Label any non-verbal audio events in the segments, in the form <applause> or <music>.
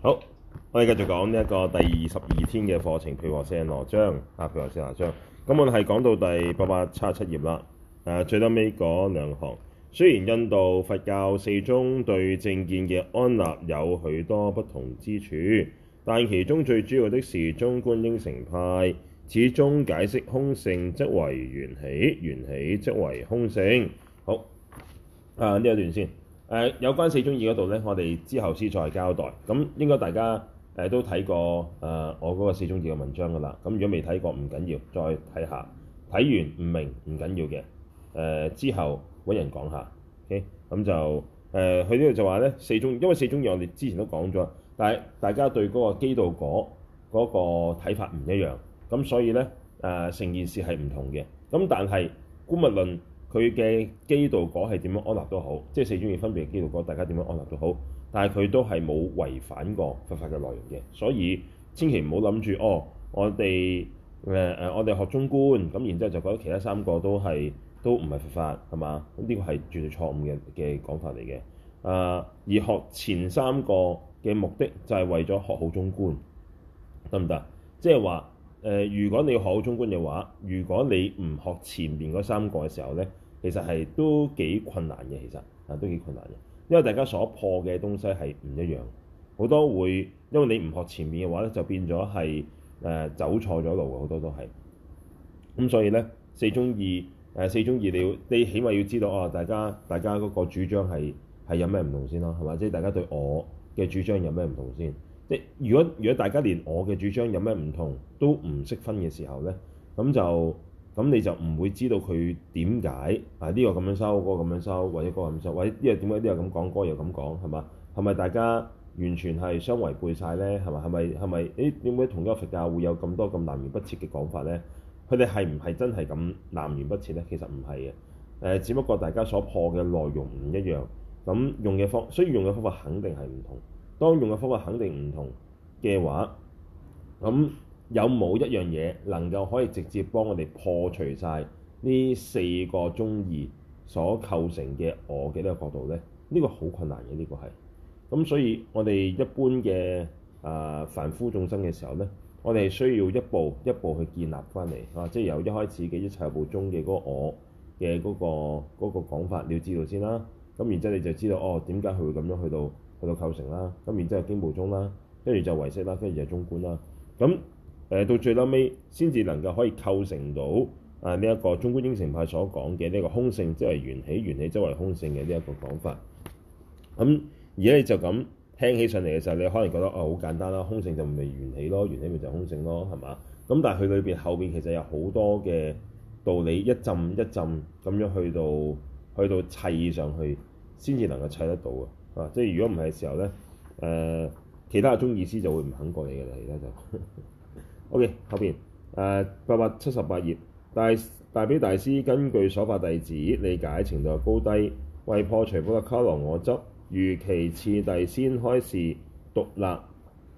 好，我哋繼續講呢一個第二十二天嘅課程，《俱舍》四羅章，啊，《俱舍》四羅章，咁我哋係講到第八百七十七頁啦，誒、啊，最屘尾嗰兩行，雖然印度佛教四宗對正見嘅安立有許多不同之處，但其中最主要的是中觀應成派始終解釋空性即為緣起，緣起即為空性。好，啊呢一段先。誒、呃、有關四宗義嗰度咧，我哋之後先再交代。咁應該大家都睇過、呃、我嗰個四宗義嘅文章㗎啦。咁如果未睇過唔緊要，再睇、呃、下。睇完唔明唔緊要嘅。誒之後揾人講下。OK。咁就誒佢呢度就話咧四宗，因為四宗義我哋之前都講咗，但係大家對嗰個基道果嗰、嗰個睇法唔一樣，咁所以咧誒成件事係唔同嘅。咁但係《觀物論》。佢嘅基道果係點樣安立都好，即係四宗義分別嘅基道果，大家點樣安立都好。但係佢都係冇違反過佛法嘅內容嘅，所以千祈唔好諗住哦，我哋誒誒，我哋學中觀咁，然之後就覺得其他三個都係都唔係佛法，係嘛？咁呢個係絕對錯誤嘅嘅講法嚟嘅。啊、呃，而學前三個嘅目的就係為咗學好中觀，得唔得？即係話。誒，如果你學中觀嘅話，如果你唔學前面嗰三個嘅時候呢，其實係都幾困難嘅，其實啊，都幾困難嘅，因為大家所破嘅東西係唔一樣，好多會因為你唔學前面嘅話呢，就變咗係誒走錯咗路，好多都係。咁所以呢，四中二誒四中二，你要你起碼要知道啊，大家大家嗰個主張係係有咩唔同先咯，係嘛？即係大家對我嘅主張有咩唔同先？即如果如果大家連我嘅主張有咩唔同都唔識分嘅時候咧，咁就咁你就唔會知道佢點解啊呢個咁樣收，嗰個咁樣收，或者嗰個咁收，或者呢個點解呢個咁講，嗰個又咁講，係嘛？係咪大家完全係相違背晒咧？係咪？係咪係咪？誒點解同一個佛教會有咁多咁南轅北轍嘅講法咧？佢哋係唔係真係咁南轅北轍咧？其實唔係嘅，誒、呃、只不過大家所破嘅內容唔一樣，咁用嘅方，所以用嘅方法肯定係唔同。當用嘅方法肯定唔同嘅話，咁有冇一樣嘢能夠可以直接幫我哋破除晒呢四個宗義所構成嘅我嘅呢、這個角度呢？呢、這個好困難嘅，呢、這個係。咁所以我哋一般嘅啊凡夫眾生嘅時候呢，我哋係需要一步一步去建立翻嚟啊，即係由一開始嘅一切有部中嘅嗰、那個、我嘅嗰、那個嗰講、那個、法，你要知道先啦。咁然之後你就知道哦，點解佢會咁樣去到？去到構成啦，咁然之後經部宗啦，跟住就唯識啦，跟住就中觀啦，咁誒到最撚尾先至能夠可以構成到啊呢一個中觀應成派所講嘅呢個空性，即係緣起，緣起周圍空性嘅呢一個講法。咁而你就咁聽起上嚟嘅時候，你可能覺得好簡單啦，空性就唔係緣起咯，緣起咪就空性咯，係嘛？咁但係佢裏面後面其實有好多嘅道理一浸一浸咁樣去到去到砌上去，先至能夠砌得到。啊！即係如果唔係時候咧，誒、呃，其他中意思就會唔肯過嚟嘅啦。而家就 OK 後邊，誒八百七十八頁，大大悲大師根據所發弟子理解程度高低，為破除補特伽羅我執，如其次第先開示獨立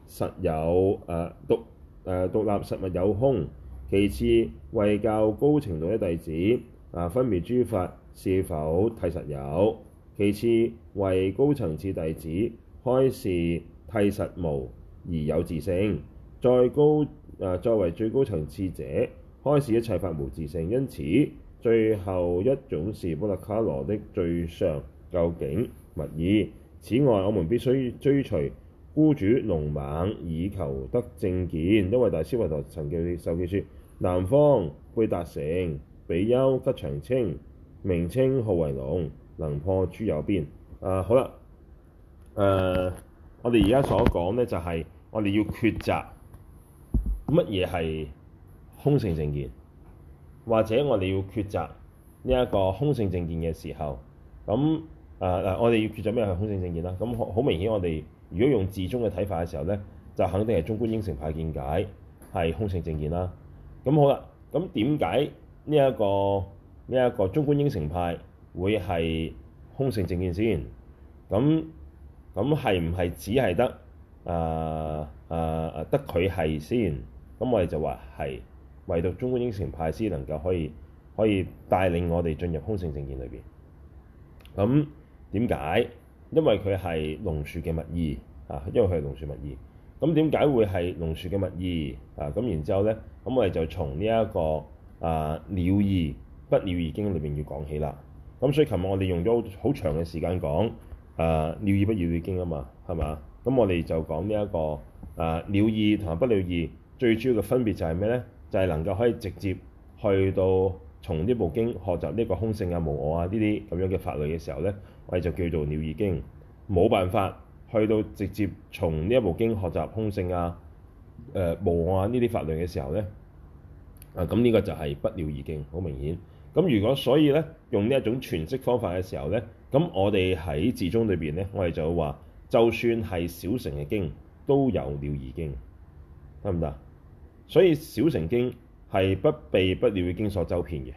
實有誒、呃、獨誒、呃、獨立實物有空。其次為較高程度嘅弟子啊、呃，分別諸法是否諦實有。其次為高層次弟子開示替實無而有自性，再高啊、呃、作為最高層次者開示一切法無自性。因此最後一種是波勒卡羅的最上究竟密意。此外，我們必須追隨孤主龍猛以求得正見。因為大師佛陀曾經授記說南方貝達城比丘吉祥清名稱號為龍，能破諸有邊。誒、呃、好啦，誒、呃、我哋而家所講咧，就係我哋要抉擇乜嘢係空性正見，或者我哋要抉擇呢一個空性正見嘅時候，咁誒嗱，我哋要抉擇咩係空性正見啦？咁好明顯，我哋如果用自宗嘅睇法嘅時候咧，就肯定係中觀應成派見解係空性正見啦。咁好啦，咁點解呢一個呢一個中觀應成派會係空性正見先，咁咁係唔係只係得啊啊啊？得佢係先，咁我哋就話係唯獨中觀應成派師能夠可以可以帶領我哋進入空性正見裏邊。咁點解？因為佢係龍樹嘅物義啊，因為佢係龍樹物義。咁點解會係龍樹嘅物義啊？咁然之後咧，咁我哋就從呢一個啊了義不了義經裏面要講起啦。咁所以琴日我哋用咗好好長嘅時間講，誒、呃、了義不了、這個呃、了義經啊嘛，係嘛？咁我哋就講呢一個誒了義同埋不了義最主要嘅分別就係咩咧？就係、是、能夠可以直接去到從呢部經學習呢個空性啊、無我啊呢啲咁樣嘅法類嘅時候咧，我哋就叫做了義經。冇辦法去到直接從呢一部經學習空性啊、誒、呃、無我啊呢啲法類嘅時候咧，啊咁呢個就係不了義經，好明顯。咁如果所以咧用呢一種詮釋方法嘅時候咧，咁我哋喺字中裏邊咧，我哋就會話，就算係小乘嘅經都有了義經，得唔得？所以小乘經係不被不了義經所周遍嘅。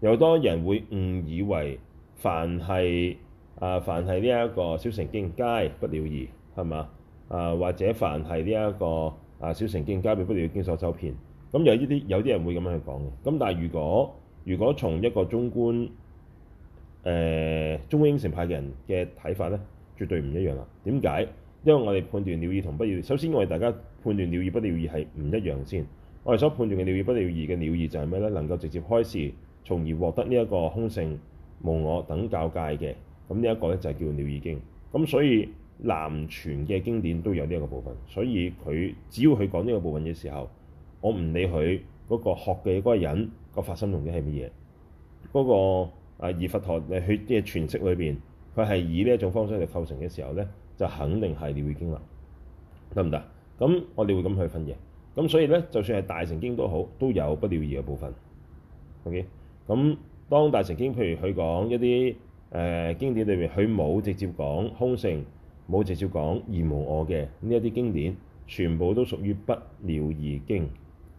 有多人會誤以為凡係啊凡係呢一個小乘經皆不了義，係嘛啊？或者凡係呢一個啊小乘經皆被不了義經所周遍，咁有呢啲有啲人會咁樣去講嘅。咁但係如果，如果從一個中觀，誒、呃、中觀應成派嘅人嘅睇法咧，絕對唔一樣啦。點解？因為我哋判斷了義同不了義。首先我哋大家判斷了義不了義係唔一樣先。我哋所判斷嘅了義不了義嘅了義就係咩咧？能夠直接開示，從而獲得呢一個空性、無我等教界嘅。咁呢一個咧就係叫了義經。咁所以南傳嘅經典都有呢一個部分。所以佢只要佢講呢個部分嘅時候，我唔理佢。嗰個學嘅嗰個人個發心用嘅係乜嘢？嗰、那個啊，二佛陀，佢啲詮釋裏邊，佢係以呢一種方式嚟構成嘅時候咧，就肯定係了義經啦，得唔得？咁我哋會咁去分嘢。咁所以咧，就算係大乘經都好，都有不了義嘅部分。OK，咁當大乘經譬如佢講一啲誒、呃、經典裏邊，佢冇直接講空性，冇直接講二無我嘅呢一啲經典，全部都屬於不了義經。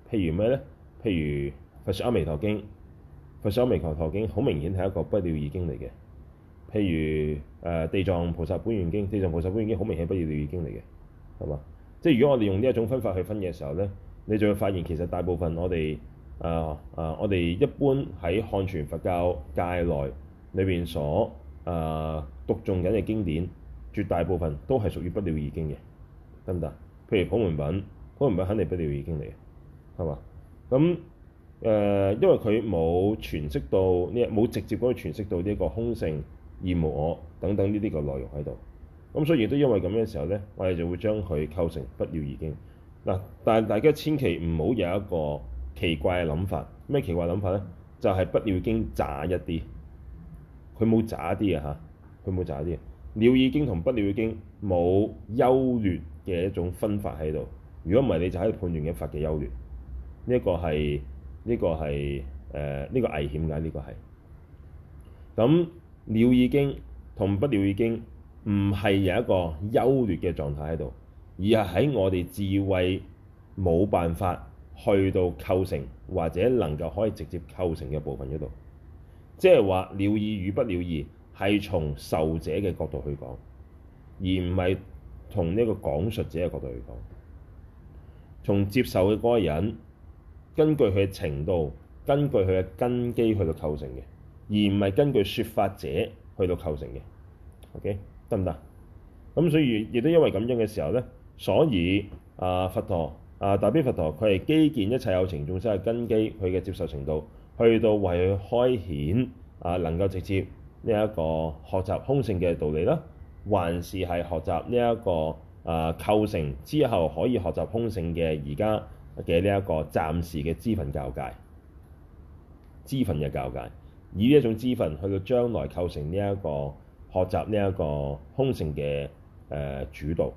譬如咩咧？譬如《佛說阿彌陀經》、《佛說阿彌陀陀經》，好明顯係一個不了義經嚟嘅。譬如誒、呃《地藏菩薩本願經》、《地藏菩薩本願經》，好明顯不了義經嚟嘅，係嘛？即係如果我哋用呢一種分法去分嘅時候咧，你就會發現其實大部分我哋啊啊，我哋一般喺漢傳佛教界內裏邊所啊、呃、讀誦緊嘅經典，絕大部分都係屬於不了義經嘅，得唔得？譬如普門品《普門品》，《普門品》肯定不了義經嚟嘅，係嘛？咁誒、呃，因為佢冇詮釋到呢，冇直接咁去詮釋到呢一個空性、二無我等等呢啲個內容喺度。咁所以亦都因為咁嘅時候咧，我哋就會將佢構成不了義經。嗱，但係大家千祈唔好有一個奇怪嘅諗法。咩奇怪諗法咧？就係、是、不了義經差一啲，佢冇差啲嘅嚇，佢冇差啲嘅。了義經同不了義經冇優劣嘅一種分法喺度。如果唔係，你就喺度判斷嘅法嘅優劣。呢一個係呢個係誒呢個危險㗎。呢個係咁，了義經同不了義經唔係有一個優劣嘅狀態喺度，而係喺我哋智慧冇辦法去到構成或者能夠可以直接構成嘅部分嗰度。即係話了義與不了義係從受者嘅角度去講，而唔係從呢個講述者嘅角度去講，從接受嘅嗰個人。根據佢嘅程度，根據佢嘅根基去到構成嘅，而唔係根據説法者去到構成嘅。OK，得唔得？咁所以亦都因為咁樣嘅時候咧，所以啊佛陀啊，大悲佛陀佢係基建一切有情眾生嘅根基，佢嘅接受程度，去到為佢開顯啊能夠直接呢一個學習空性嘅道理啦，還是係學習呢、這、一個啊構成之後可以學習空性嘅而家。嘅呢一個暫時嘅知分教界，知分嘅教界，以呢一種知分去到將來構成呢、這、一個學習呢一個空性嘅誒、呃、主導。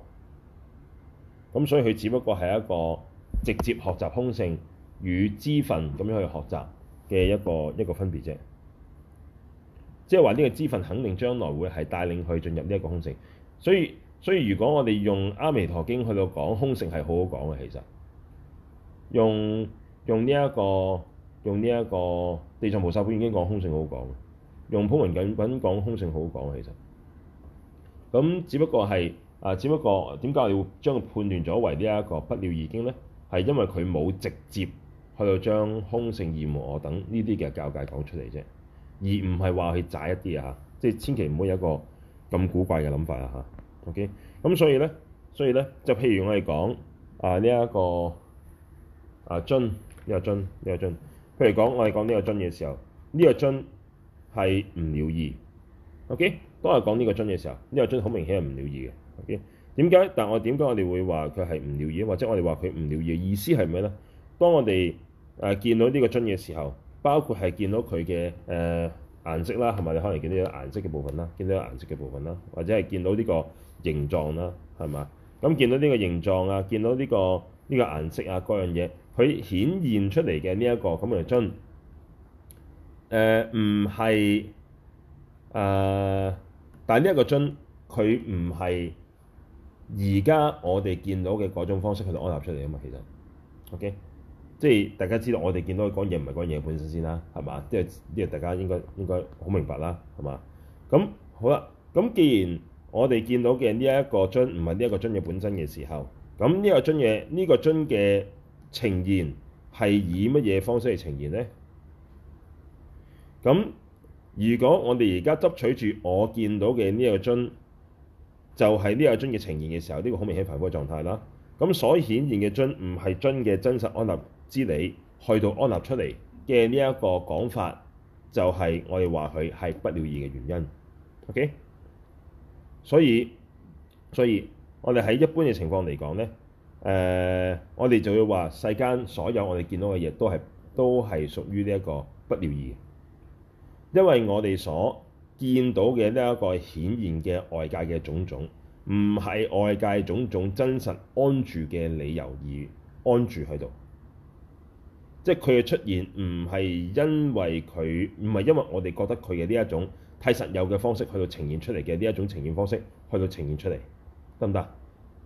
咁所以佢只不過係一個直接學習空性與知分咁樣去學習嘅一個一個分別啫。即係話呢個知分肯定將來會係帶領佢進入呢一個空性。所以所以，如果我哋用《阿彌陀經》去到講空性係好好講嘅，其實。用用呢一個用呢一個地藏菩薩本願經講空性好講，用普文品品講空性好講，其實咁只不過係啊，只不過點解要會將佢判斷咗為呢一個不了義經咧？係因為佢冇直接去到將空性二無我等呢啲嘅教界講出嚟啫，而唔係話去窄一啲啊，即係千祈唔好有一個咁古怪嘅諗法啊吓 OK，咁所以咧，所以咧，就譬如我哋講啊呢一個。啊樽呢個樽呢個樽，譬如講，我哋講呢個樽嘅時候，呢個樽係唔了義。OK，當係講呢個樽嘅時候，呢個樽好明顯係唔了義嘅，OK，點解？但我點解我哋會話佢係唔了義，或者我哋話佢唔了義？意思係咩咧？當我哋誒、呃、見到呢個樽嘅時候，包括係見到佢嘅誒顏色啦，係咪？你可能見到個顏色嘅部分啦，見到個顏色嘅部分啦，或者係見到呢個形狀啦，係咪？咁見到呢個形狀啊，見到呢個。呢個顏色啊，各樣嘢，佢顯現出嚟嘅呢一個咁嘅樽，誒唔係誒，但係呢一個樽佢唔係而家我哋見到嘅嗰種方式去到安立出嚟啊嘛，其實，OK，即係大家知道我哋見到嘅嘢唔係嘢本身先啦，係嘛？即係呢個大家應該應該好明白啦，係嘛？咁好啦，咁既然我哋見到嘅呢一個樽唔係呢一個樽嘅本身嘅時候。咁呢個樽嘅呢個樽嘅呈現係以乜嘢方式嚟呈現咧？咁如果我哋而家執取住我見到嘅呢個樽，就係、是、呢個樽嘅呈現嘅時候，呢、這個好明顯喺浮火狀態啦。咁所顯現嘅樽唔係樽嘅真實安立之理，去到安立出嚟嘅呢一個講法，就係、是、我哋話佢係不了義嘅原因。OK，所以，所以。我哋喺一般嘅情況嚟講咧，誒、呃，我哋就要話世間所有我哋見到嘅嘢都係都係屬於呢一個不了義嘅，因為我哋所見到嘅呢一個顯現嘅外界嘅種種，唔係外界種種真實安住嘅理由而安住喺度，即係佢嘅出現唔係因為佢唔係因為我哋覺得佢嘅呢一種太實有嘅方式去到呈現出嚟嘅呢一種呈現方式去到呈現出嚟。得唔得？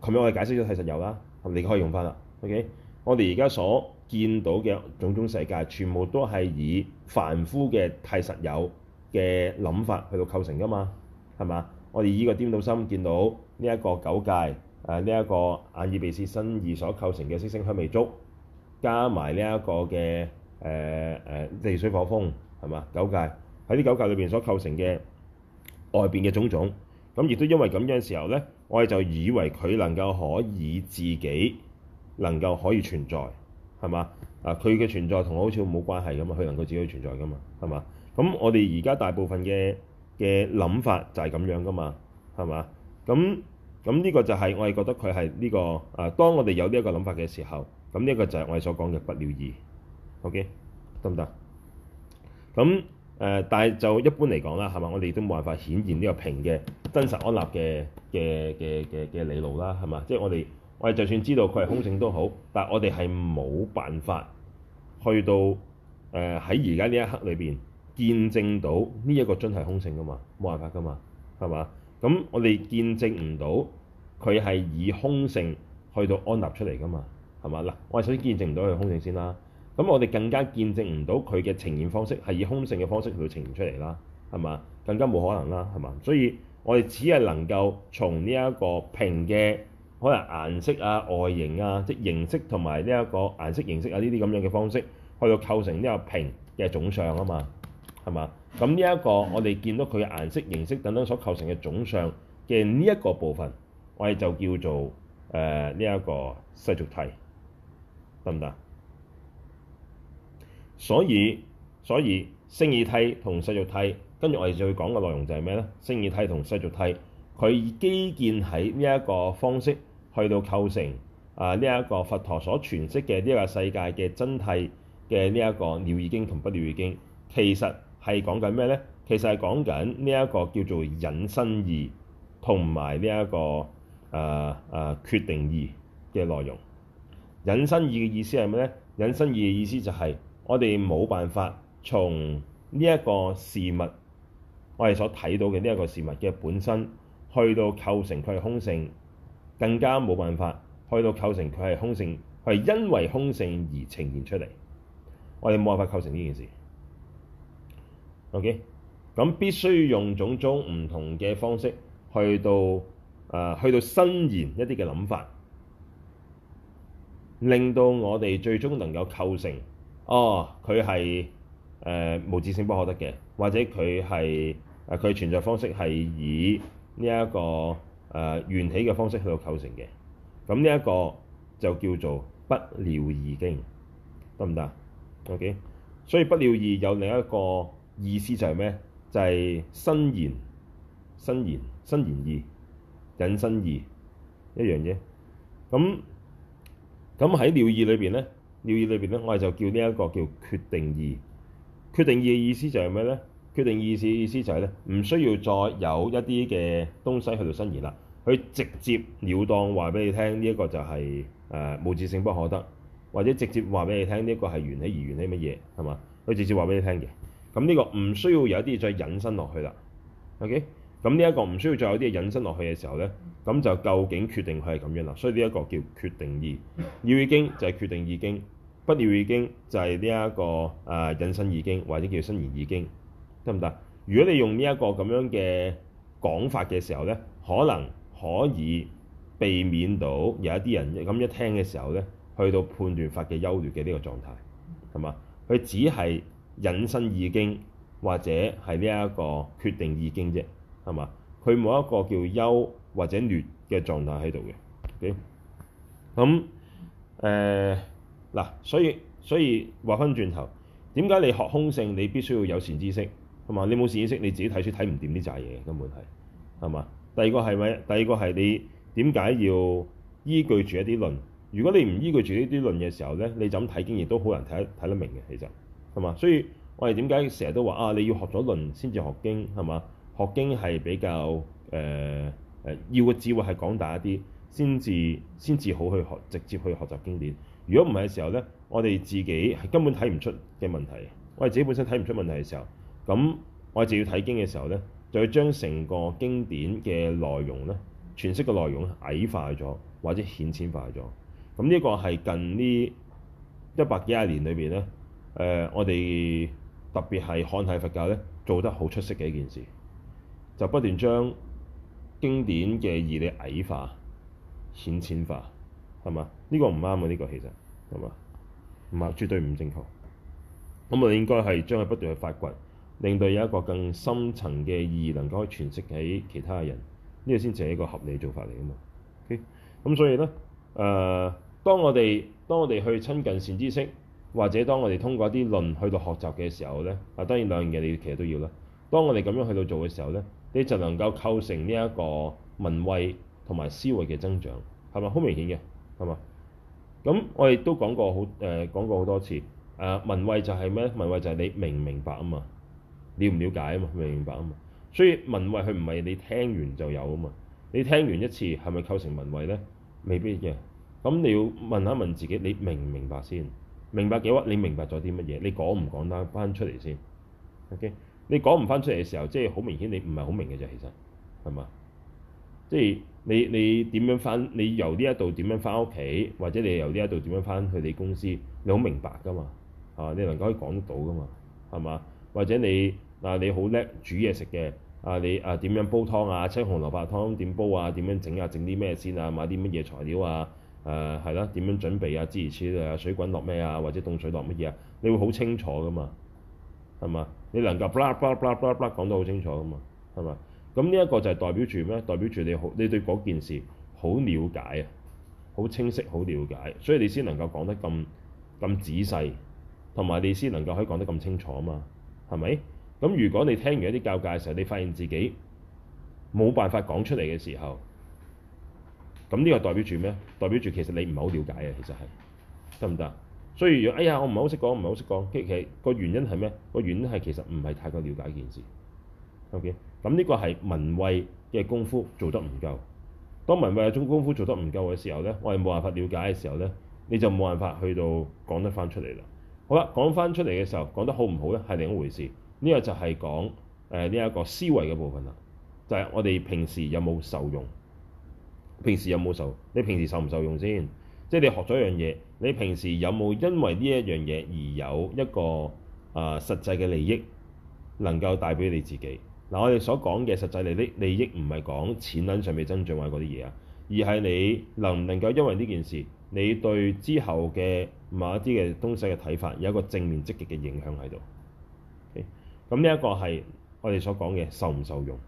咁樣我哋解釋咗太實有啦，你可以用翻啦。OK，我哋而家所見到嘅種種世界，全部都係以凡夫嘅太實有嘅諗法去到構成㗎嘛，係嘛？我哋依個顛倒心見到呢一個九界，誒呢一個眼耳鼻舌身意所構成嘅色聲香味觸，加埋呢一個嘅誒、呃、地水火風，係嘛？九界喺啲九界裏面所構成嘅外邊嘅種種，咁亦都因為咁樣時候咧。我哋就以為佢能夠可以自己能夠可以存在，係嘛？啊，佢嘅存在同我好似冇關係㗎嘛，佢能夠自己存在㗎嘛，係嘛？咁我哋而家大部分嘅嘅諗法就係咁樣㗎嘛，係嘛？咁咁呢個就係我哋覺得佢係呢個啊，當我哋有呢一個諗法嘅時候，咁呢個就係我哋所講嘅不了義，OK 得唔得？咁誒、呃，但係就一般嚟講啦，係嘛？我哋都冇辦法顯現呢個瓶嘅。真實安立嘅嘅嘅嘅嘅理路啦，係嘛？即係我哋我哋就算知道佢係空性都好，但係我哋係冇辦法去到誒喺而家呢一刻裏邊見證到呢一個真係空性㗎嘛，冇辦法㗎嘛，係嘛？咁我哋見證唔到佢係以空性去到安立出嚟㗎嘛，係嘛？嗱，我哋首先見證唔到佢空性先啦。咁我哋更加見證唔到佢嘅呈現方式係以空性嘅方式去呈現出嚟啦，係嘛？更加冇可能啦，係嘛？所以。我哋只係能夠從呢一個瓶嘅可能顏色啊、外形啊、即形式同埋呢一個顏色、形式啊呢啲咁樣嘅方式去到構成呢個瓶嘅總相啊嘛，係嘛？咁呢一個我哋見到佢嘅顏色、形式等等所構成嘅總相嘅呢一個部分，我哋就叫做誒呢一個世俗諦，得唔得？所以所以，勝義諦同世俗諦。跟住我哋就去講嘅內容就係咩咧？勝義諦同世俗諦，佢以基建喺呢一個方式去到構成啊呢一、這個佛陀所詮釋嘅呢一個世界嘅真諦嘅呢一個《了義經》同《不了義經》，其實係講緊咩咧？其實係講緊呢一個叫做引申義同埋呢一個啊啊決定義嘅內容。引申義嘅意思係咩咧？引申義嘅意思就係、是、我哋冇辦法從呢一個事物。我哋所睇到嘅呢一個事物嘅本身，去到構成佢係空性，更加冇辦法去到構成佢係空性，佢係因為空性而呈現出嚟。我哋冇辦法構成呢件事。OK，咁必須用種種唔同嘅方式去到啊，去到伸延、呃、一啲嘅諗法，令到我哋最終能夠構成哦，佢係誒無自性不可得嘅，或者佢係。啊！佢存在方式係以呢、這、一個誒、呃、緣起嘅方式去到構成嘅，咁呢一個就叫做不了義經，得唔得？OK，所以不了義有另一個意思就係咩？就係、是、申言申言申言義，引申義一樣嘢。咁咁喺了義裏邊咧，了義裏邊咧，面我哋就叫呢一個叫決定義。決定義嘅意思就係咩咧？決定意思意思就係咧，唔需要再有一啲嘅東西去到申言啦。佢直接了當話俾你聽，呢一個就係、是、誒、呃、無自性不可得，或者直接話俾你聽，呢一個係緣起而緣起乜嘢係嘛？佢直接話俾你聽嘅。咁呢個唔需要有一啲再引申落去啦。OK，咁呢一個唔需要再有啲引申落去嘅時候咧，咁就究竟決定佢係咁樣啦。所以呢一個叫決定義，了義經就係決定義經，不了義經就係呢一個誒、呃、引申義經，或者叫申言義經。得唔得？如果你用呢一個咁樣嘅講法嘅時候咧，可能可以避免到有一啲人咁一聽嘅時候咧，去到判斷法嘅優劣嘅呢個狀態，係嘛？佢只係引申義經或者係呢一個決定義經啫，係嘛？佢冇一個叫優或者劣嘅狀態喺度嘅。OK，咁誒嗱，所以所以話返轉頭，點解你學空性你必須要有善知識？同埋你冇時意識，你自己睇書睇唔掂呢雜嘢，根本係係嘛。第二個係咪？第二個係你點解要依據住一啲論？如果你唔依據住呢啲論嘅時候咧，你就咁睇經很看，亦都好難睇得睇得明嘅。其實係嘛，所以我哋點解成日都話啊，你要學咗論先至學經係嘛？學經係比較誒誒、呃、要嘅智慧係廣大一啲，先至先至好去學直接去學習經典。如果唔係嘅時候咧，我哋自己係根本睇唔出嘅問題。我哋自己本身睇唔出問題嘅時候。咁我哋就要睇經嘅時候咧，就係將成個經典嘅內容咧，詮釋嘅內容矮化咗，或者顯淺化咗。咁呢個係近呢一百幾廿年裏邊咧、呃，我哋特別係漢地佛教咧做得好出色嘅一件事，就不斷將經典嘅義理矮化、顯淺化，係嘛？呢個唔啱啊！呢個其實係嘛？唔係絕對唔正確。咁我哋應該係將佢不斷去發掘。令到有一個更深層嘅意義能夠詮釋喺其他人，呢個先至係一個合理做法嚟啊嘛。咁、okay? 所以呢，誒、呃，當我哋當我哋去親近善知識，或者當我哋通過一啲論去到學習嘅時候呢，啊，當然兩樣嘢你其實都要啦。當我哋咁樣去到做嘅時候呢，你就能夠構成呢一個文慧同埋思慧嘅增長，係咪？好明顯嘅，係嘛？咁我亦都講過好誒、呃，講過好多次，誒，文慧就係咩？文慧就係你明唔明白啊嘛？了唔了解啊嘛？明唔明白啊嘛？所以聞慧佢唔係你聽完就有啊嘛。你聽完一次係咪構成聞慧咧？未必嘅。咁你要問下問自己，你明唔明白先？明白嘅話，你明白咗啲乜嘢？你講唔講得翻出嚟先？OK，你講唔翻出嚟嘅時候，即係好明顯，你唔係好明嘅啫。其實係嘛？即係你你點樣翻？你由呢一度點樣翻屋企，或者你由呢一度點樣翻去你公司？你好明白㗎嘛？係嘛？你能夠可以講到㗎嘛？係嘛？或者你你好叻煮嘢食嘅啊，你啊點樣煲湯啊？青紅蘿蔔湯點煲啊？點樣整啊？整啲咩先啊？買啲乜嘢材料啊？誒係啦，點樣準備啊？諸如此類啊，水滾落咩啊？或者凍水落乜嘢啊？你會好清楚噶嘛係嘛？你能夠 bla bla bla bla bla 講得好清楚噶嘛係嘛？咁呢一個就係代表住咩？代表住你好你對嗰件事好了解啊，好清晰好了解，所以你先能夠講得咁咁仔細，同埋你先能夠可以講得咁清楚啊嘛。係咪？咁如果你聽完一啲教誡嘅時候，你發現自己冇辦法講出嚟嘅時候，咁呢個代表住咩？代表住其實你唔係好了解嘅，其實係得唔得？所以如果哎呀，我唔係好識講，唔係好識講，跟住其實個原因係咩？個原因係其實唔係太過了解件事。OK，咁呢個係聞慧嘅功夫做得唔夠。當聞慧嘅功功夫做得唔夠嘅時候呢，我哋冇辦法了解嘅時候呢，你就冇辦法去到講得返出嚟啦。好啦，講翻出嚟嘅時候，講得好唔好咧，係另一回事。呢個就係講呢一、呃這個思維嘅部分啦。就係、是、我哋平時有冇受用，平時有冇受？你平時受唔受用先？即、就、係、是、你學咗一樣嘢，你平時有冇因為呢一樣嘢而有一個啊、呃、實際嘅利益能夠帶俾你自己？嗱、呃，我哋所講嘅實際利益，利益唔係講錢銀上面增長或者嗰啲嘢啊，而係你能唔能夠因為呢件事，你對之後嘅某一啲嘅東西嘅睇法，有一個正面積極嘅影響喺度。咁呢一個係我哋所講嘅受唔受用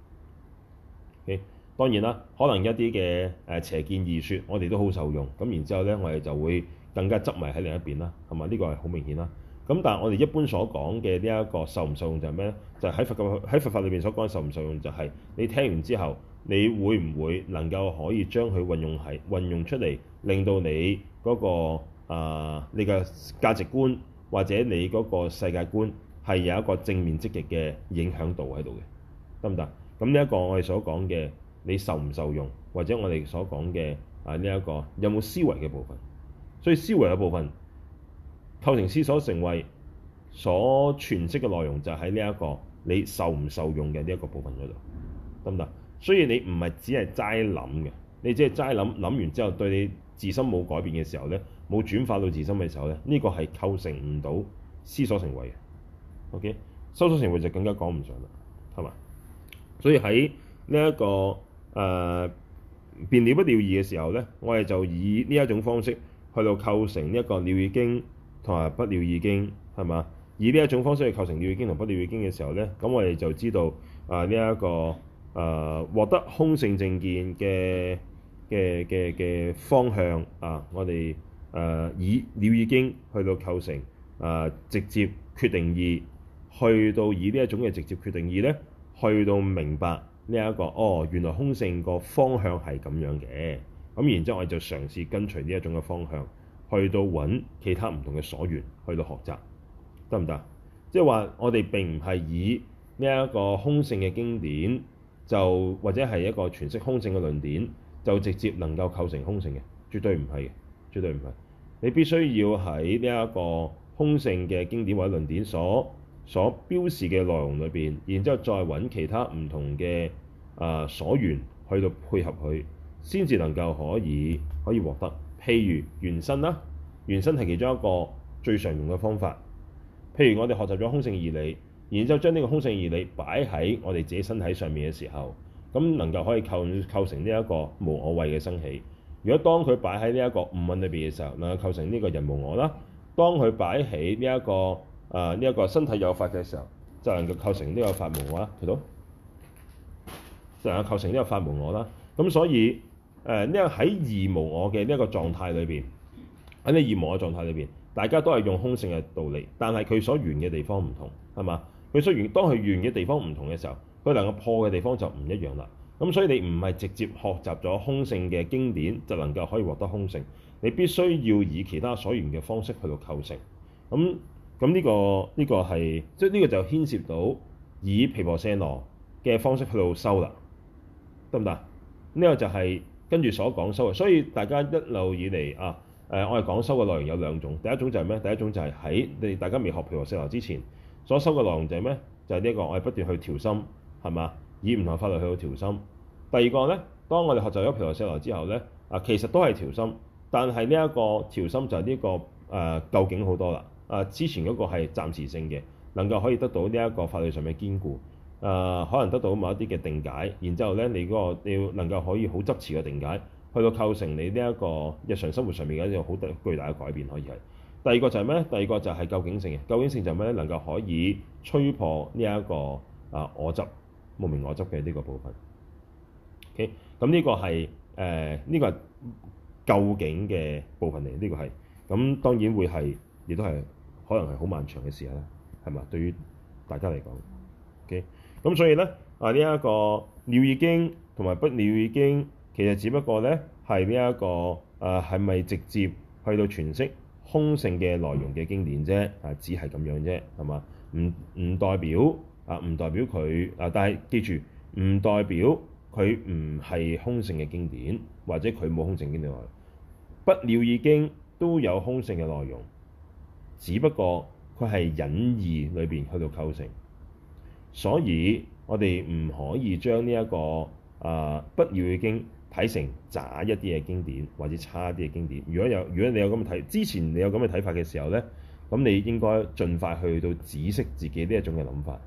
okay？當然啦，可能一啲嘅誒邪見異説，我哋都好受用。咁然之後咧，我哋就會更加執迷喺另一邊啦，係嘛？呢個係好明顯啦。咁但係我哋一般所講嘅呢一個受唔受用就係咩咧？就係喺佛教，喺佛法裏面所講嘅受唔受用就係、是、你聽完之後，你會唔會能夠可以將佢運用係運用出嚟，令到你嗰、那個啊、呃、你嘅價值觀或者你嗰個世界觀係有一個正面積極嘅影響度喺度嘅，得唔得？咁呢一個我哋所講嘅你受唔受用，或者我哋所講嘅啊呢一、這個有冇思維嘅部分，所以思維嘅部分。構成思所成慧所詮釋嘅內容，就喺呢一個你受唔受用嘅呢一個部分嗰度得唔得？所以你唔係只係齋諗嘅，你只係齋諗，諗完之後對你自身冇改變嘅時候咧，冇轉化到自身嘅時候咧，呢、這個係構成唔到思所成慧嘅。OK，修所成慧就更加講唔上啦，係嘛？所以喺呢一個誒辨、呃、了義不了義嘅時候咧，我哋就以呢一種方式去到構成呢一個《了義經》。同埋不了義經係嘛？以呢一種方式去構成《了義經》同《不了義經》嘅時候咧，咁我哋就知道啊呢一、這個啊獲得空性正見嘅嘅嘅嘅方向啊！我哋誒、啊、以《了義經》去到構成啊直接決定義，去到以呢一種嘅直接決定義咧，去到明白呢、這、一個哦，原來空性個方向係咁樣嘅。咁然之後我哋就嘗試跟隨呢一種嘅方向。去到搵其他唔同嘅所源去到學習得唔得？即係話我哋並唔係以呢一個空性嘅經典就或者係一個詮釋空性嘅論點，就直接能夠構成空性嘅。絕對唔係嘅，絕對唔係，你必須要喺呢一個空性嘅經典或者論點所所標示嘅內容裏邊，然之後再搵其他唔同嘅啊、呃、所源去到配合佢，先至能夠可以可以獲得。譬如原身啦，原身係其中一個最常用嘅方法。譬如我哋學習咗空性義理，然之後將呢個空性義理擺喺我哋自己身體上面嘅時候，咁能夠可以構構成呢一個無我為嘅生起。如果當佢擺喺呢一個五蘊裏邊嘅時候，能夠構成呢個人無我啦。當佢擺喺呢一個啊呢一個身體有法嘅時候，就能夠構成呢個法無我啦。其到？就能夠構成呢個法無我啦。咁所以。誒呢個喺二無我嘅呢個狀態裏面，喺呢二無我狀態裏邊，大家都係用空性嘅道理，但係佢所緣嘅地方唔同，係嘛？佢所緣，當佢緣嘅地方唔同嘅時候，佢能夠破嘅地方就唔一樣啦。咁所以你唔係直接學習咗空性嘅經典就能夠可以獲得空性，你必須要以其他所緣嘅方式去到構成。咁咁呢個呢個係即係呢個就牽涉到以毗婆舍那嘅方式去到修啦，得唔得？呢個就係。跟住所講修，所以大家一路以嚟啊，誒、呃，我哋講修嘅內容有兩種，第一種就係咩？第一種就係喺你大家未學皮和色頭之前所修嘅內容就，就係、是、咩、這個？就係呢一個我哋不斷去調心，係嘛？以唔同法類去到調心。第二個咧，當我哋學習咗皮和色頭之後咧，啊，其實都係調心，但係呢一個調心就係呢、這個誒、啊，究竟好多啦。啊，之前嗰個係暫時性嘅，能夠可以得到呢一個法律上面堅固。誒、呃、可能得到某一啲嘅定解，然之後咧，你嗰、那個你要能夠可以好執持嘅定解，去到構成你呢一個日常生活上面嘅一個好巨大嘅改變，可以係第二個就係咩咧？第二個就係究竟性嘅，究竟性就係咩咧？能夠可以吹破呢、這、一個啊我執無明我執嘅呢個部分。O K，咁呢個係誒呢個究竟嘅部分嚟，呢、這個係咁、嗯、當然會係亦都係可能係好漫長嘅事啦，係嘛？對於大家嚟講，O K。Okay? 咁所以咧，啊呢一個《了義經》同埋《不了義經》，其實只不過咧係呢一個，誒係咪直接去到詮釋空性嘅內容嘅經典啫？啊，只係咁樣啫，係嘛？唔唔代表啊，唔代表佢啊，但係記住，唔代表佢唔係空性嘅經典，或者佢冇空性的經典內容，《不了義經》都有空性嘅內容，只不過佢係隱義裏邊去到構成。所以我哋唔可以將呢一個啊、呃《不了義經》睇成渣一啲嘅經典，或者差一啲嘅經典。如果有如果你有咁嘅睇，之前你有咁嘅睇法嘅時候咧，咁你應該盡快去到止息自己呢一種嘅諗法。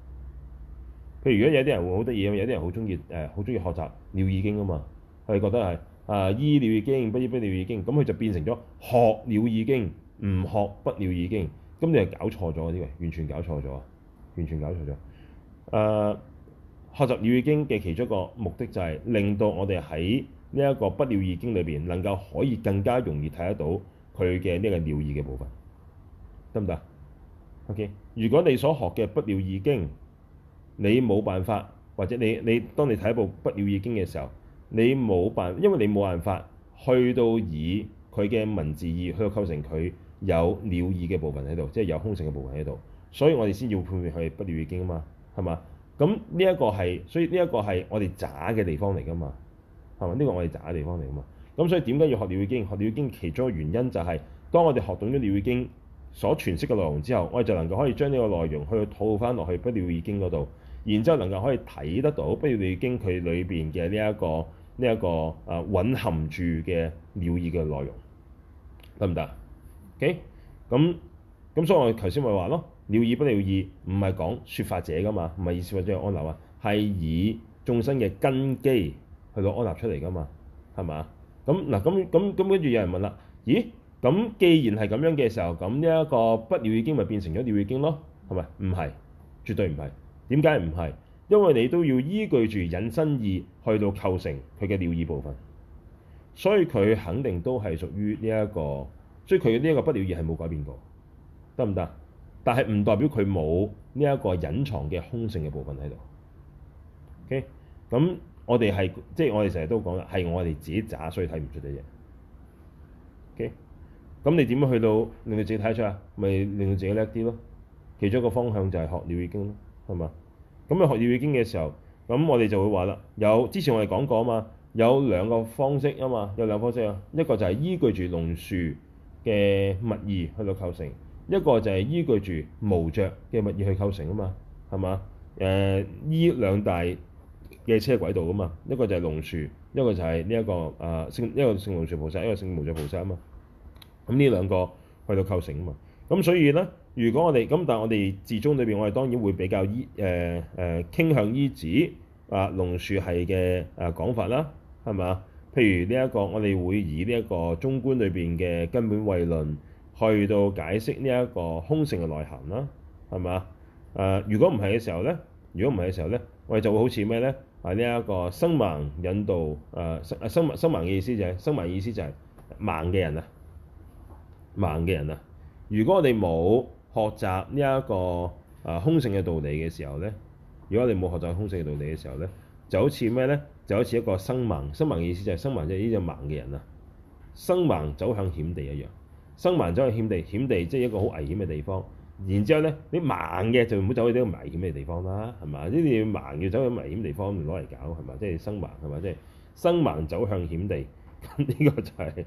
譬如如果有啲人會好得意，有啲人好鍾意誒，好鍾意學習《了義經》啊嘛，佢哋覺得係啊、呃《依了義經》不依不了義經，咁佢就變成咗學了義經，唔學不了義經，咁你係搞錯咗啲嘅，完全搞錯咗，完全搞錯咗。誒、uh, 學習了義經嘅其中一個目的就係令到我哋喺呢一個不了義經裏邊能夠可以更加容易睇得到佢嘅呢個了義嘅部分，得唔得啊？OK，如果你所學嘅不了義經你冇辦法，或者你你當你睇部不了義經嘅時候，你冇辦法，因為你冇辦法去到以佢嘅文字意去到構成佢有了義嘅部分喺度，即係有空性嘅部分喺度，所以我哋先要判別佢係不了義經啊嘛。係嘛？咁呢一個係，所以呢、這個、一個係我哋渣嘅地方嚟噶嘛？係嘛？呢個我哋渣嘅地方嚟噶嘛？咁所以點解要學《了義經》？學《了義經》其中嘅原因就係、是，當我哋學懂咗《了義經》所詮釋嘅內容之後，我哋就能夠可以將呢個內容去套翻落去《不了義經》嗰度，然之後能夠可以睇得到不了義、這個《不了義經》佢裏邊嘅呢一個呢一個啊隱含住嘅了義嘅內容，得唔得？OK，咁咁所以我哋頭先咪話咯。了義不了義，唔係講說法者噶嘛，唔係意思或者安立啊，係以眾生嘅根基去到安立出嚟噶嘛，係咪啊？咁嗱，咁咁咁跟住有人問啦，咦？咁既然係咁樣嘅時候，咁呢一個不了義經咪變成咗了，了義經咯？係咪？唔係，絕對唔係。點解唔係？因為你都要依據住引申義去到構成佢嘅了義部分，所以佢肯定都係屬於呢、這、一個，所以佢呢一個不了義係冇改變過，得唔得？但係唔代表佢冇呢一個隱藏嘅空性嘅部分喺度、okay?OK，、就、咁、是、我哋係即係我哋成日都講啦，係我哋自己渣，所以睇唔出啲嘢。OK，咁你點樣去到令到自己睇得出啊？咪、就是、令到自己叻啲咯。其中一個方向就係學《了義經》咯，係嘛？咁啊學《了義經》嘅時候，咁我哋就會話啦，有之前我哋講過啊嘛，有兩個方式啊嘛，有兩個方式啊，一個就係依據住龍樹嘅物義去到構成。一個就係依據住無着嘅物業去構成啊嘛，係嘛？誒、呃、依兩大嘅車軌道啊嘛，一個就係龍樹，一個就係呢、這個呃、一個誒聖一個聖龍樹菩薩，一個聖無着菩薩啊嘛。咁、嗯、呢兩個去到構成啊嘛。咁所以咧，如果我哋咁，但係我哋自宗裏邊，我哋當然會比較依誒誒、呃呃、傾向依止啊、呃、龍樹系嘅誒、呃、講法啦，係嘛？譬如呢、這、一個我哋會以呢一個中觀裏邊嘅根本慧論，去到解釋呢一個空性嘅內涵啦，係咪啊？誒、呃，如果唔係嘅時候咧，如果唔係嘅時候咧，我哋就會好似咩咧？係呢一個生盲引導誒、啊、生誒生生盲嘅意思就係、是、生盲意思就係、是、盲嘅人啊，盲嘅人啊。如果我哋冇學習呢、這、一個誒、呃、空性嘅道理嘅時候咧，如果你冇學習空性嘅道理嘅時候咧，就好似咩咧？就好似一個生盲，生盲嘅意思就係、是、生盲即係呢隻盲嘅人啊，生盲走向險地一樣。生盲走去險地，險地即係一個好危險嘅地方。然之後咧，你盲嘅就唔好走去呢個危險嘅地方啦，係嘛？呢啲要盲要走去危險地方攞嚟搞，係嘛？即係生盲係嘛？即係生盲走向險地，咁呢個就係，呢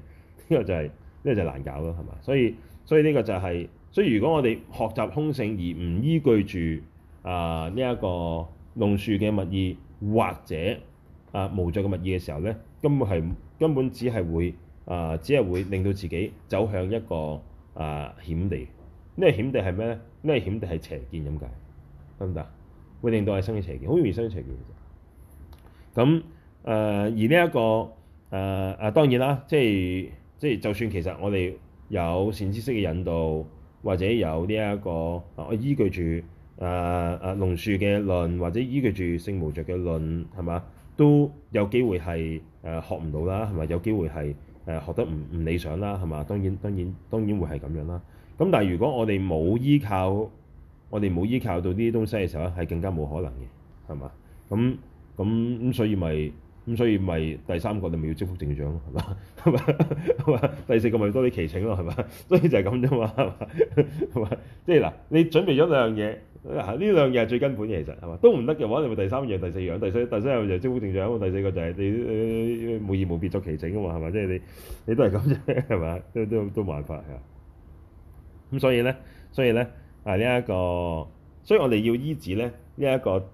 個就係，呢個就難搞咯，係嘛？所以所以，呢個就係，所以如果我哋學習空性而唔依據住啊呢一個龍樹嘅密意或者啊無著嘅密意嘅時候咧，根本係，根本只係會。啊、呃！只係會令到自己走向一個啊、呃、險地。呢個險地係咩咧？呢個險地係邪見咁解得唔得？會令到係生於邪見，好容易生於邪見嘅。咁誒、呃、而呢、這、一個誒誒、呃、當然啦，即係即係，就算其實我哋有善知識嘅引導，或者有呢、這、一個我依據住誒誒龍樹嘅論，或者依據住聖無著嘅論，係嘛都有機會係誒、呃、學唔到啦，係咪有機會係？誒學得唔唔理想啦，係嘛？當然當然當然會係咁樣啦。咁但係如果我哋冇依靠，我哋冇依靠到呢啲東西嘅時候咧，係更加冇可能嘅，係嘛？咁咁咁所以咪。咁所以咪第三個你咪要祝福成長咯，係嘛？係嘛？第四個咪多啲奇情咯，係嘛？所以就係咁啫嘛，係嘛？即係嗱，你準備咗兩樣嘢，嗱呢兩樣嘢係最根本嘅，其實係嘛？都唔得嘅話，你咪第三樣、第四樣、第三第四樣就祝福成長，第四個就係、是、你冇意冇別作奇情啊嘛，係咪？即、就、係、是、你你都係咁啫，係嘛？都都都冇辦法，係嘛？咁所以咧，所以咧係呢一、啊這個，所以我哋要醫治咧呢一、這個。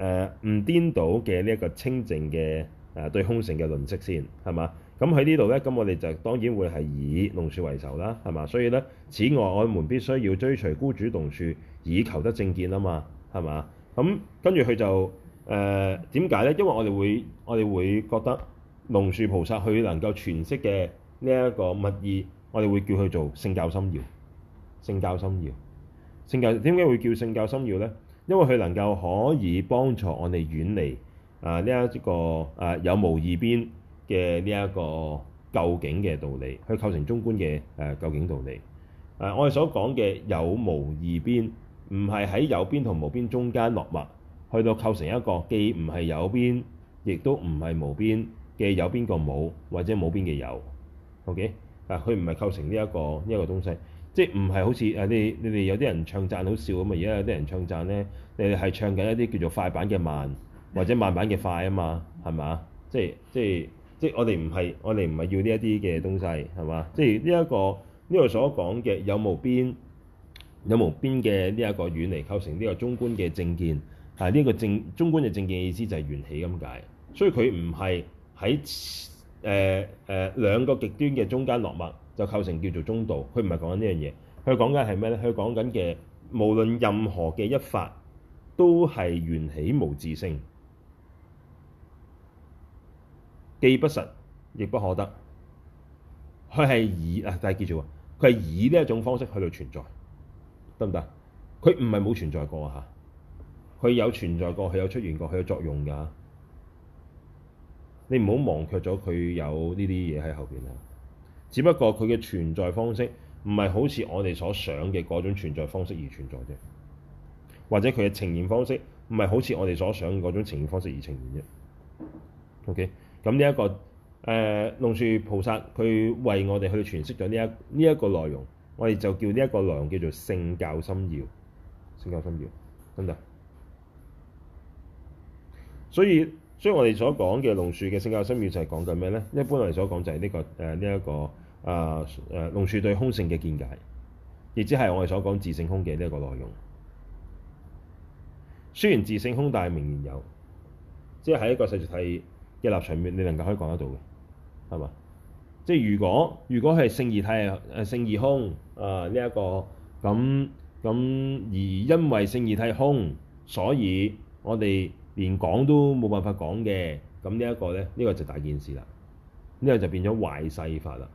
誒唔顛倒嘅呢一個清淨嘅、呃、對空性嘅論釋先係嘛？咁喺呢度咧，咁我哋就當然會係以龍樹為首啦，係嘛？所以咧，此外我們必須要追隨怙主龍樹以求得正見啊嘛，係嘛？咁跟住佢就誒點解咧？因為我哋會我哋會覺得龍樹菩薩佢能夠詮釋嘅呢一個密意，我哋會叫佢做聖教心要。聖教心要，聖教點解會叫聖教心要咧？因為佢能夠可以幫助我哋遠離啊呢一個啊有無二邊嘅呢一個究竟嘅道理，去構成中觀嘅誒究竟道理。誒我哋所講嘅有無二邊，唔係喺有邊同無邊中間落墨，去到構成一個既唔係有邊，亦都唔係無邊嘅有邊個冇，或者冇邊嘅有。OK？啊，佢唔係構成呢一個呢一個東西。即係唔係好似誒你你哋有啲人唱讚好笑咁嘛，而家有啲人唱讚咧，你哋係唱緊一啲叫做快板嘅慢，或者慢板嘅快啊嘛，係嘛？即係即係即係我哋唔係我哋唔係要呢一啲嘅東西係嘛？即係呢一個呢個所講嘅有無邊有無邊嘅呢一個遠離構成呢個中觀嘅正見，係呢個正中觀嘅正見嘅意思就係緣起咁解，所以佢唔係喺誒誒兩個極端嘅中間落墨。就構成叫做中道，佢唔係講緊呢樣嘢，佢講緊係咩咧？佢講緊嘅無論任何嘅一法，都係緣起無自性，既不實亦不可得。佢係以啊，但係記住佢係以呢一種方式去到存在，得唔得？佢唔係冇存在過嚇，佢有存在過，佢有，有出現過，佢有作用㗎。你唔好忘卻咗佢有呢啲嘢喺後邊。啊！只不過佢嘅存在方式唔係好似我哋所想嘅嗰種存在方式而存在啫，或者佢嘅呈現方式唔係好似我哋所想嘅嗰種呈現方式而呈現啫，OK? 這個。OK，咁呢一個誒龍樹菩薩佢為我哋去詮釋咗呢一呢一個內容，我哋就叫呢一個內容叫做聖教心要。聖教心要，真㗎。所以，所以我哋所講嘅龍樹嘅聖教心要就係講緊咩咧？一般嚟所講就係呢個誒呢一個。呃這個啊！誒龍樹對空性嘅見解，亦即係我哋所講自性空嘅呢一個內容。雖然自性空，但係，名言有，即係喺一個世俗諦嘅立場面，你能夠可以講得到嘅，係嘛？即係如果如果係勝義諦係誒勝義空啊呢一個咁咁，而因為勝義諦空，所以我哋連講都冇辦法講嘅。咁呢一個咧，呢個就大件事啦。呢個就變咗壞世法啦。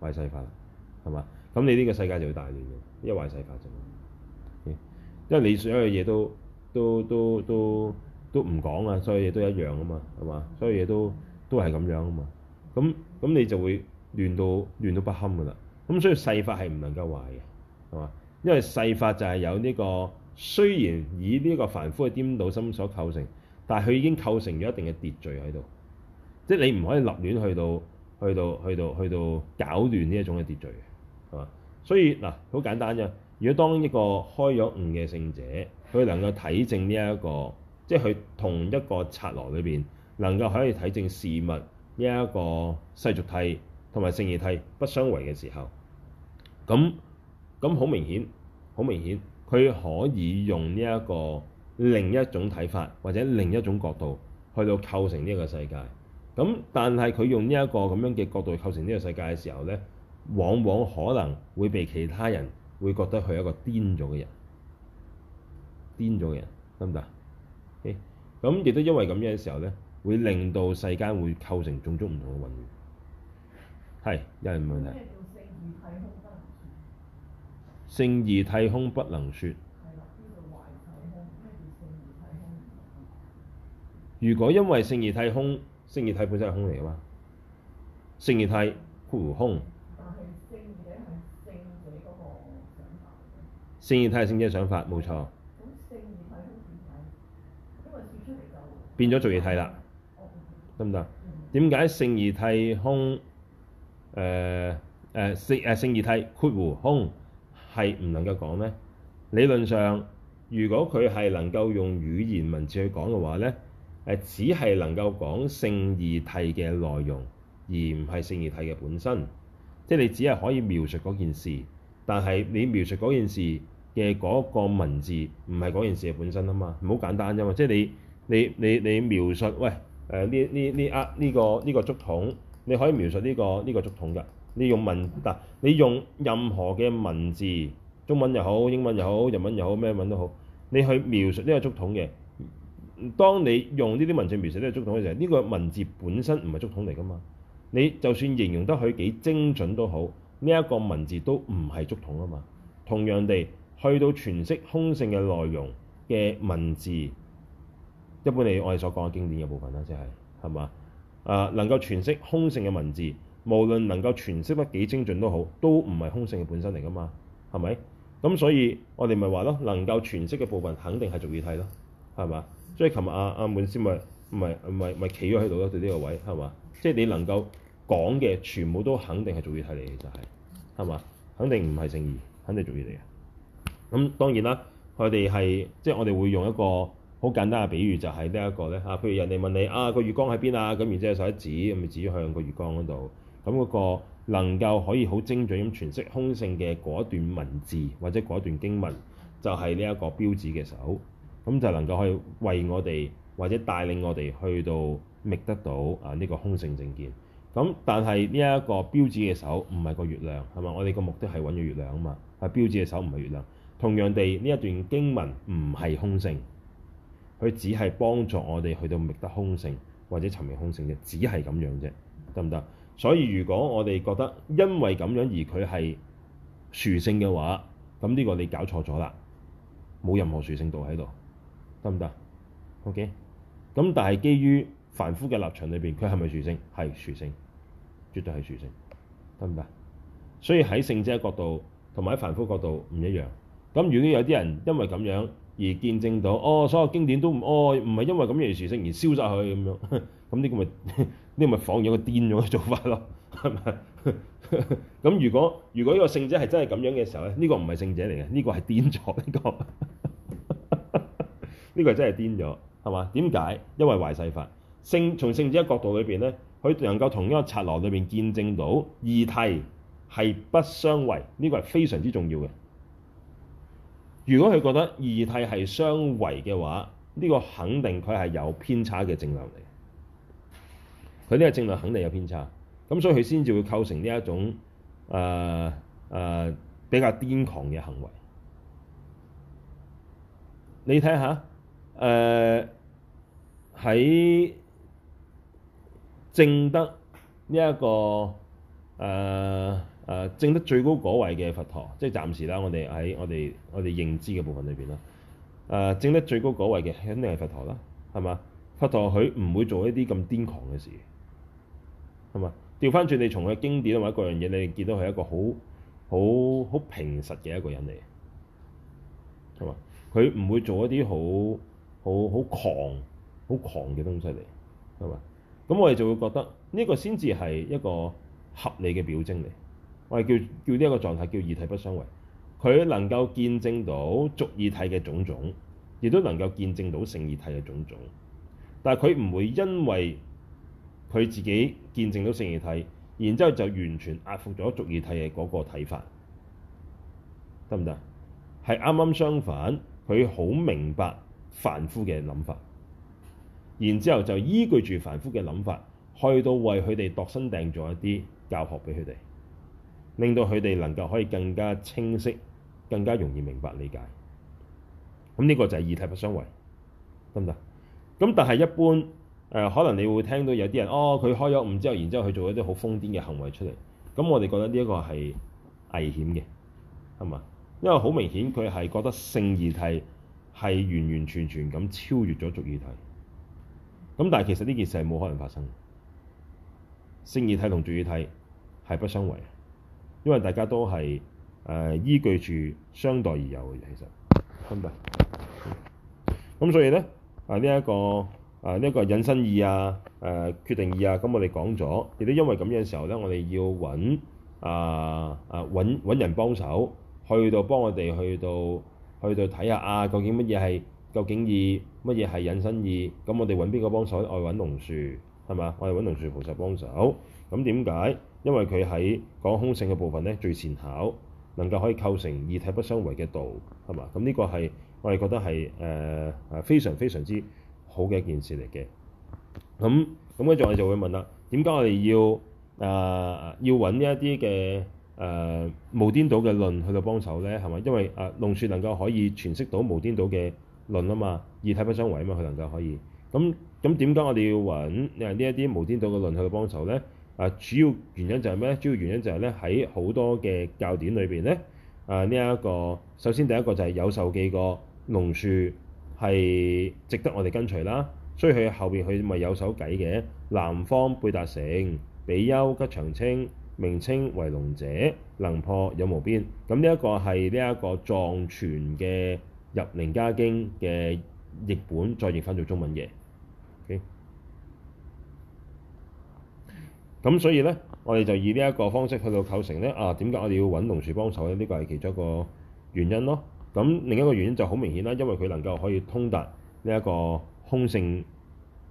壞世法，係嘛？咁你呢個世界就會大亂嘅，因為壞世法就，因為你所有嘢都都都都都唔講啊，所有嘢都一樣啊嘛，係嘛？所有嘢都都係咁樣啊嘛。咁咁你就會亂到亂到不堪噶啦。咁所以世法係唔能夠壞嘅，係嘛？因為世法就係有呢個，雖然以呢個凡夫嘅顛倒心所構成，但係佢已經構成咗一定嘅秩序喺度，即係你唔可以立亂去到去到去到去到搞亂呢一種嘅秩序，係嘛？所以嗱，好簡單啫。如果當一個開咗悟嘅聖者，佢能夠體證呢、這、一個，即係佢同一個察羅裏面，能夠可以體證事物呢一個世俗諦同埋勝義諦不相違嘅時候，咁咁好明顯，好明顯，佢可以用呢一個另一種睇法或者另一種角度，去到構成呢個個世界。咁但係佢用呢、這、一個咁樣嘅角度構成呢個世界嘅時候咧，往往可能會被其他人會覺得佢係一個癲咗嘅人，癲咗嘅人得唔得？咁亦都因為咁樣嘅時候咧，會令到世間會構成種種唔同嘅混亂。係有人問：咩叫做聖疑太空不能説？如果因為聖疑太空。勝義諦本身係空嚟嘅嘛，勝義諦括弧空。但係聖者嘅嗰個想法。勝義諦係聖者想法，冇錯。咁勝、嗯、義諦點睇？因為跳出嚟就變咗世俗諦啦，得唔得？點解勝義諦空誒誒勝誒勝義諦括弧空係唔能夠講咧？理論上，如果佢係能夠用語言文字去講嘅話咧，只係能夠講勝義諦嘅內容，而唔係勝義諦嘅本身。即係你只係可以描述嗰件事，但係你描述嗰件事嘅嗰個文字，唔係嗰件事嘅本身啊嘛。唔好簡單啫嘛。即係你你你你描述，喂誒呢呢呢啊呢個呢個竹筒，你可以描述呢個呢個竹筒㗎。你用文嗱，你用任何嘅文字，中文又好，英文又好，日文又好，咩文都好，你去描述呢個竹筒嘅。當你用呢啲文字的描述呢個竹筒嘅時候，呢、呢個文字本身唔係竹筒嚟噶嘛。你就算形容得佢幾精準都好，呢、呢、一個文字都唔係竹筒啊嘛。同樣地，去到詮釋空性嘅內容嘅文字，一般你我哋所講嘅經典嘅部分啦，即係係嘛啊，能夠詮釋空性嘅文字，無論能夠詮釋得幾精準都好，都唔係空性嘅本身嚟噶嘛，係咪？咁所以我哋咪話咯，能夠詮釋嘅部分肯定係俗要體咯，係嘛？所以琴日阿啊，啊滿先咪咪咪咪企咗喺度咯，對呢個位係嘛？即係、就是、你能夠講嘅全部都肯定係做嘢睇你，就係係嘛？肯定唔係誠意，肯定做嘢睇你啊。咁當然啦，佢哋係即係我哋會用一個好簡單嘅比喻，就係、是、呢一個咧嚇。譬如人哋問你啊，月啊個月光喺邊啊，咁然之後手一指，咪指向個月光嗰度。咁嗰個能夠可以好精準咁詮釋空性嘅嗰段文字或者嗰段經文，就係呢一個標誌嘅手。咁就能夠去為我哋或者帶領我哋去到覓得到啊呢個空性正見。咁但係呢一個標誌嘅手唔係個月亮係嘛？我哋個目的係揾咗月亮啊嘛。佢標誌嘅手唔係月亮。同樣地，呢一段經文唔係空性，佢只係幫助我哋去到覓得空性或者尋覓空性嘅，只係咁樣啫，得唔得？所以如果我哋覺得因為咁樣而佢係殊勝嘅話，咁呢個你搞錯咗啦，冇任何殊勝度喺度。得唔得？OK，咁但係基於凡夫嘅立場裏邊，佢係咪殊勝？係殊勝，絕對係殊勝，得唔得？所以喺聖者角度同埋喺凡夫角度唔一樣。咁如果有啲人因為咁樣而見證到哦，所有經典都唔哦，唔係因為咁樣殊勝而消失去咁樣，咁呢個咪呢個咪仿樣嘅癲咗嘅做法咯，係咪？咁 <laughs> 如果如果呢個聖者係真係咁樣嘅時候咧，呢個唔係聖者嚟嘅，呢個係癲咗呢個。呢個真係癲咗，係嘛？點解？因為壞世法，聖從聖者嘅角度裏邊咧，佢能夠同一個賊羅裏邊見證到異體係不相違，呢、這個係非常之重要嘅。如果佢覺得異體係相違嘅話，呢、這個肯定佢係有偏差嘅證量嚟，佢呢個證量肯定有偏差，咁所以佢先至會構成呢一種誒誒、呃呃、比較癲狂嘅行為。你睇下。誒喺、呃、正德呢、這、一個誒誒、呃、正德最高嗰位嘅佛陀，即係暫時啦，我哋喺我哋我哋認知嘅部分裏邊啦。誒、呃、正德最高嗰位嘅，肯定係佛陀啦，係嘛？佛陀佢唔會做一啲咁顛狂嘅事，係嘛？調翻轉你從佢嘅經典或者各樣嘢，你見到佢係一個好好好平實嘅一個人嚟，係嘛？佢唔會做一啲好。好好狂、好狂嘅東西嚟，係咪？咁我哋就會覺得呢個先至係一個合理嘅表徵嚟。我哋叫叫呢一個狀態叫異體不相違，佢能夠見證到俗異體嘅種種，亦都能夠見證到聖異體嘅種種。但係佢唔會因為佢自己見證到聖異體，然之後就完全壓服咗俗異體嘅嗰個睇法，得唔得？係啱啱相反，佢好明白。凡夫嘅諗法，然之後就依據住凡夫嘅諗法，去到為佢哋度身訂做一啲教學俾佢哋，令到佢哋能夠可以更加清晰、更加容易明白理解。咁、這、呢個就係異體不相違，得唔得？咁但係一般誒、呃，可能你會聽到有啲人哦，佢開咗悟之後，然之後去做一啲好瘋癲嘅行為出嚟。咁我哋覺得呢一個係危險嘅，係咪？因為好明顯佢係覺得性異體。係完完全全咁超越咗世俗諦，咁但係其實呢件事係冇可能發生嘅。勝義諦同世俗諦係不相違，因為大家都係誒依據住相待而有嘅，其實分別。咁所以咧，啊呢一、這個啊呢一、這個引申義啊，誒、啊、決定義啊，咁我哋講咗，亦都因為咁樣嘅時候咧，我哋要揾啊啊揾揾人幫手，去到幫我哋去到。去度睇下啊，究竟乜嘢係究竟義，乜嘢係引申義。咁我哋揾邊個幫手？我哋揾龍樹，係嘛？我哋揾龍樹菩薩幫手。咁點解？因為佢喺講空性嘅部分咧，最善巧，能夠可以構成二體不相違嘅道，係嘛？咁呢個係我哋覺得係、呃、非常非常之好嘅一件事嚟嘅。咁咁咧，跟住我哋就會問啦，點解我哋要、呃、要揾呢一啲嘅？誒、呃、無顛倒嘅論去到幫手咧，係咪？因為誒、呃、龍樹能夠可以詮釋到無顛倒嘅論啊嘛，以體不相違啊嘛，佢能夠可以。咁咁點解我哋要揾誒呢一啲無顛倒嘅論去到幫手咧？誒主要原因就係咩咧？主要原因就係咧喺好多嘅教典裏邊咧，誒呢一個首先第一個就係有授記過龍樹係值得我哋跟隨啦，所以佢後面佢咪有授記嘅南方貝達成比丘吉祥清。名稱為龍者，能破有無邊。咁呢一個係呢一個藏傳嘅入楞伽經嘅譯本，再譯翻做中文嘅。咁、okay? 所以咧，我哋就以呢一個方式去到構成咧。啊，點解我哋要揾龍樹幫手咧？呢個係其中一個原因咯。咁另一個原因就好明顯啦，因為佢能夠可以通達呢一個空性，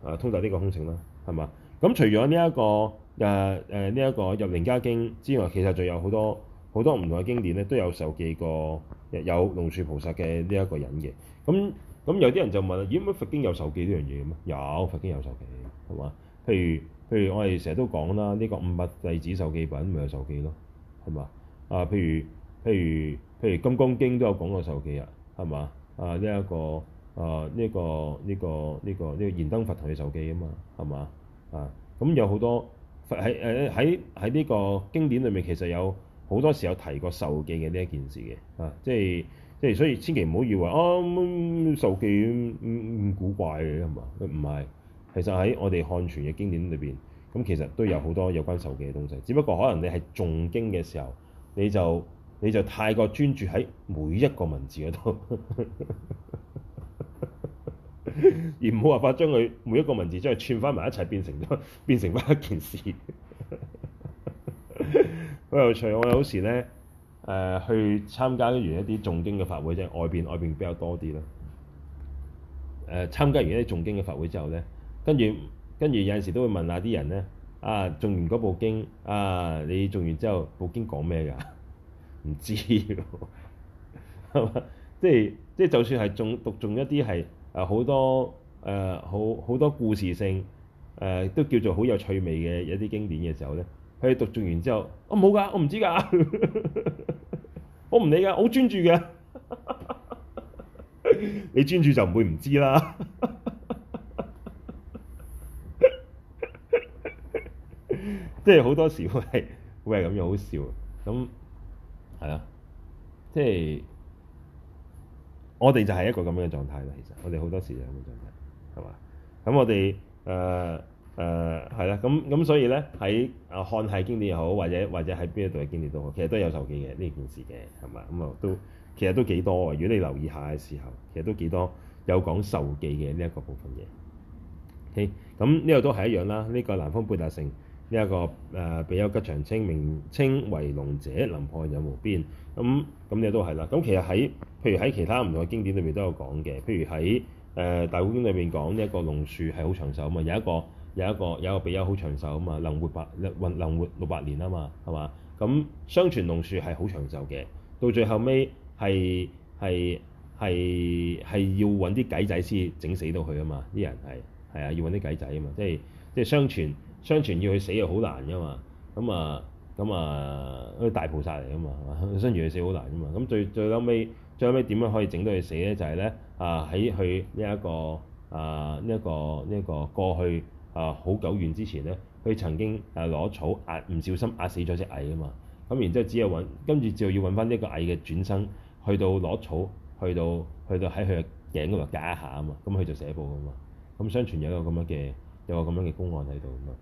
啊，通達呢個空性啦，係嘛？咁除咗呢一個。誒誒，呢一，啊啊這個入《楞伽經》之外，其實就有好多好多唔同嘅經典咧，都有受記過有龍樹菩薩嘅呢一個人嘅。咁咁有啲人就問：咦，乜佛經有受記呢樣嘢嘅咩？有佛經有受記，係嘛？譬如譬如我哋成日都講啦，呢、這個五百弟子受記品記，咪有受記咯，係嘛？啊，譬如譬如譬如《譬如金剛經》都有講過受記啊，係嘛？啊呢一個啊呢呢呢呢燃燈佛同嘅受記啊嘛，係嘛？啊，咁、啊、有好多。喺誒喺喺呢個經典裏面，其實有好多時候有提過受記嘅呢一件事嘅啊，即係即係，所以千祈唔好以為哦受記咁古怪嘅係嘛，唔係其實喺我哋漢傳嘅經典裏邊，咁其實都有好多有關受記嘅東西，只不過可能你係重經嘅時候，你就你就太過專注喺每一個文字嗰度。呵呵 <laughs> 而冇辦法將佢每一個文字將佢串翻埋一齊，變成咗變成翻一件事，好有趣。我有時咧，誒、呃，去參加完一啲誦經嘅法會，即係外邊外邊比較多啲啦。誒、呃，參加完一啲誦經嘅法會之後咧，跟住跟住有陣時都會問下啲人咧，啊，誦完嗰部經，啊，你誦完之後，部經講咩噶？唔知喎，係嘛？即係即係，就是就是、就算係誦讀誦一啲係。好多誒、呃，好好多故事性誒、呃，都叫做好有趣味嘅一啲經典嘅時候咧，佢哋讀讀完之後，我冇㗎，我唔知㗎， <laughs> 我唔理㗎，我專注嘅， <laughs> 你專注就唔會唔知啦。即係好多時會係會係咁樣好笑，咁係啊，即係。就是我哋就係一個咁樣嘅狀態啦，其實我哋好多時就咁嘅狀態，係嘛？咁我哋誒誒係啦，咁、呃、咁、呃、所以咧喺啊漢系經典又好，或者或者喺邊一度嘅經典都好，其實都有授記嘅呢件事嘅，係嘛？咁啊都其實都幾多嘅，如果你留意下嘅時候，其實都幾多有講授記嘅呢一個部分嘅。OK，咁呢個都係一樣啦，呢、這個南方貝達城。呢一、這個誒，比丘吉祥稱，名稱為龍者，能破有無邊。咁咁呢都係啦。咁、嗯、其實喺譬如喺其他唔同嘅經典裏面都有講嘅。譬如喺誒、呃《大鼓經》裏面講呢一個龍樹係好長壽啊嘛，有一個有一個有一個比丘好長壽啊嘛，能活百能，能活六百年啊嘛，係嘛？咁、嗯、相傳龍樹係好長壽嘅，到最後尾係係係要揾啲鬼仔先整死到佢啊嘛！啲人係係啊，要揾啲鬼仔啊嘛，即係即係相傳。相傳要佢死又好難噶嘛，咁啊咁啊，嗰啲大菩薩嚟噶嘛，相傳佢死好難噶嘛。咁最最後尾，最後尾點樣可以整到佢死咧？就係咧啊，喺佢呢一個啊呢一個呢一個過去啊好久遠之前咧，佢曾經誒攞草壓唔小心壓死咗隻蟻啊嘛。咁然之後只有揾跟住就要揾翻呢個蟻嘅轉生，去到攞草，去到去到喺佢嘅頸度夾一下啊嘛，咁佢就死咗啊嘛。咁相傳有一個咁樣嘅有個咁樣嘅公案喺度啊。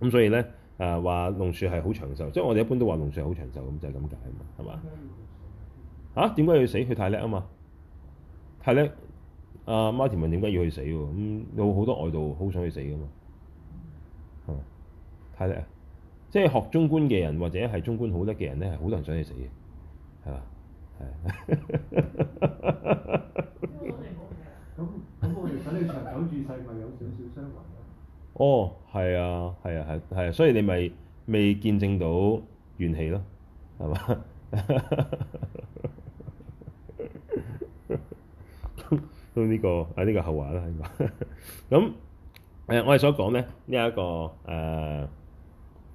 咁所以咧，誒話龍樹係好長壽，即係我哋一般都話龍樹係好長壽，咁就係咁解啊嘛，係嘛？嚇？點解要去死？佢太叻啊嘛！太叻！阿、啊、Martin 問點解要去死喎？咁有好多外道好想去死噶嘛？係咪？太叻啊！即係學中觀嘅人，或者係中觀好叻嘅人咧，係好多人想去死嘅，係嘛？係。 <laughs> <laughs> 咁咁，我哋想你長久住世，咪有少少傷？哦，係啊，係啊，係、啊，係啊，所以你咪未見證到元氣咯，係嘛？咁 <laughs> 呢、這個係呢、啊這個後話啦，咁、 <laughs> 呃、我哋所講咧，呢、這、一個誒、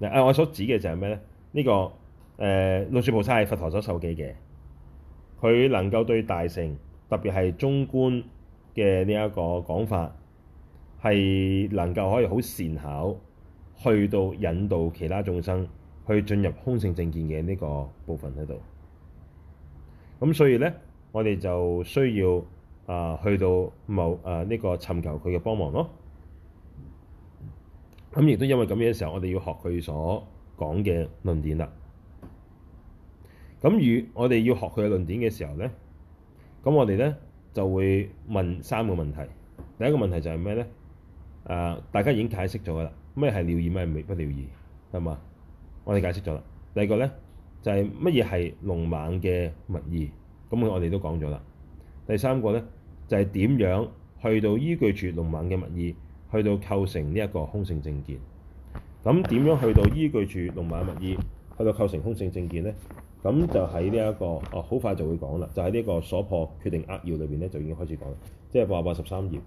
呃，我所指嘅就係咩咧？呢、這個誒、呃，龍樹菩薩係佛陀所授記嘅，佢能夠對大乘，特別係中觀嘅呢一個講法。係能夠可以好善巧去到引導其他眾生去進入空性正見嘅呢個部分喺度。咁所以咧，我哋就需要啊、呃、去到冇啊呢個尋求佢嘅幫忙咯。咁亦都因為咁樣嘅時候，我哋要學佢所講嘅論點啦。咁如我哋要學佢嘅論點嘅時候咧，咁我哋咧就會問三個問題。第一個問題就係咩咧？誒、啊，大家已經解釋咗嘅啦，咩係了義，咩係微不了義，係嘛？我哋解釋咗啦。第二個咧，就係乜嘢係龍猛嘅物義，咁我哋都講咗啦。第三個咧，就係、是、點樣去到依據住龍猛嘅物義，去到構成呢一個空性正見。咁點樣去到依據住龍猛物義，去到構成空性正見咧？咁就喺呢一個，哦、啊，好快就會講啦，就喺呢個所破決定扼要裏邊咧，就已經開始講，即係話八百八十三頁。